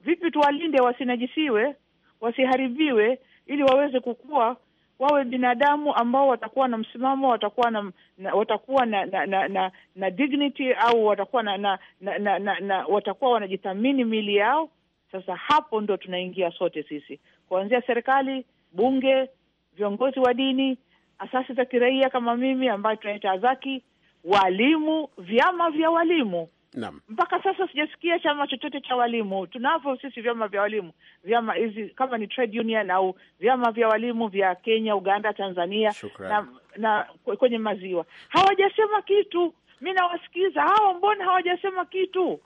vipi tuwalinde wasinajisiwe, wasiharibiwe, ili waweze kukua wawe binadamu ambao watakuwa na msimamo, watakuwa na, na watakuwa na na, na na na dignity au watakuwa na, na, na, na, na, na watakuwa wanajithamini mili yao. Sasa hapo ndo tunaingia sote sisi, kuanzia serikali, bunge, viongozi wa dini, asasi za kiraia kama mimi ambayo tunaita Azaki, walimu, vyama vya walimu Naam. Mpaka sasa sijasikia chama chochote cha walimu. Tunavyo sisi vyama vya walimu, vyama hizi kama ni trade union au vyama vya walimu vya Kenya, Uganda, Tanzania na, na kwenye maziwa hawajasema kitu mi nawasikiza hawa, mbona hawajasema kitu?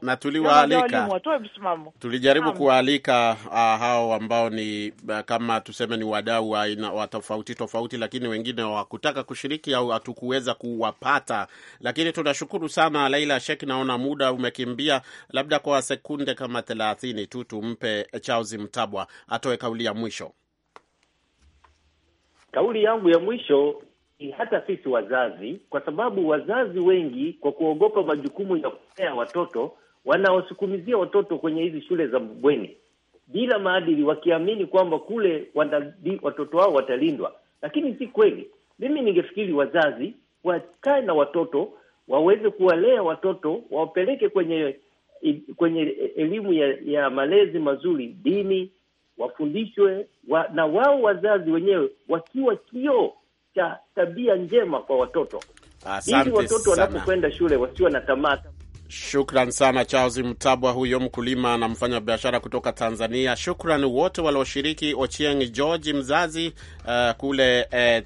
na tuliwaalika Tulijaribu kuwaalika uh, hao ambao ni uh, kama tuseme ni wadau wa tofauti tofauti, lakini wengine hawakutaka kushiriki au hatukuweza kuwapata. Lakini tunashukuru sana Laila Shek, naona muda umekimbia, labda kwa sekunde kama thelathini tu tumpe Charles Mtabwa atoe kauli ya mwisho. Kauli yangu ya mwisho hata sisi wazazi, kwa sababu wazazi wengi kwa kuogopa majukumu ya kulea watoto wanawasukumizia watoto kwenye hizi shule za bweni bila maadili, wakiamini kwamba kule wandali, watoto wao watalindwa, lakini si kweli. Mimi ningefikiri wazazi wakae na watoto waweze kuwalea watoto, wawapeleke kwenye kwenye elimu ya, ya malezi mazuri, dini wafundishwe wa, na wao wazazi wenyewe wakiwa kioo cha tabia njema kwa watoto ili watoto wanapokwenda shule wasiwe na tamaa. Shukran sana Charles Mtabwa, huyo mkulima na mfanya biashara kutoka Tanzania. Shukran wote walioshiriki, Ochieng George mzazi uh, kule eh, eh,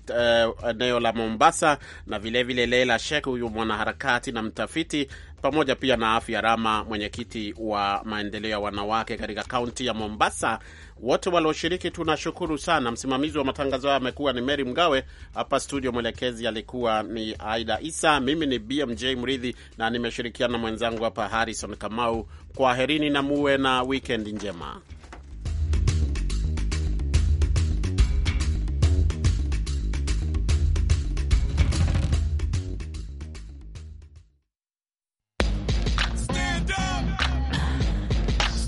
eneo uh, uh, la Mombasa, na vilevile Leila Shek, huyu mwanaharakati na mtafiti pamoja pia na Afya Rama, mwenyekiti wa maendeleo ya wanawake katika kaunti ya Mombasa. Wote walioshiriki tunashukuru sana. Msimamizi wa matangazo hayo amekuwa ni Meri Mgawe, hapa studio mwelekezi alikuwa ni Aida Isa, mimi ni BMJ Mridhi na nimeshirikiana na mwenzangu hapa Harrison Kamau. Kwaherini na muwe na wikendi njema.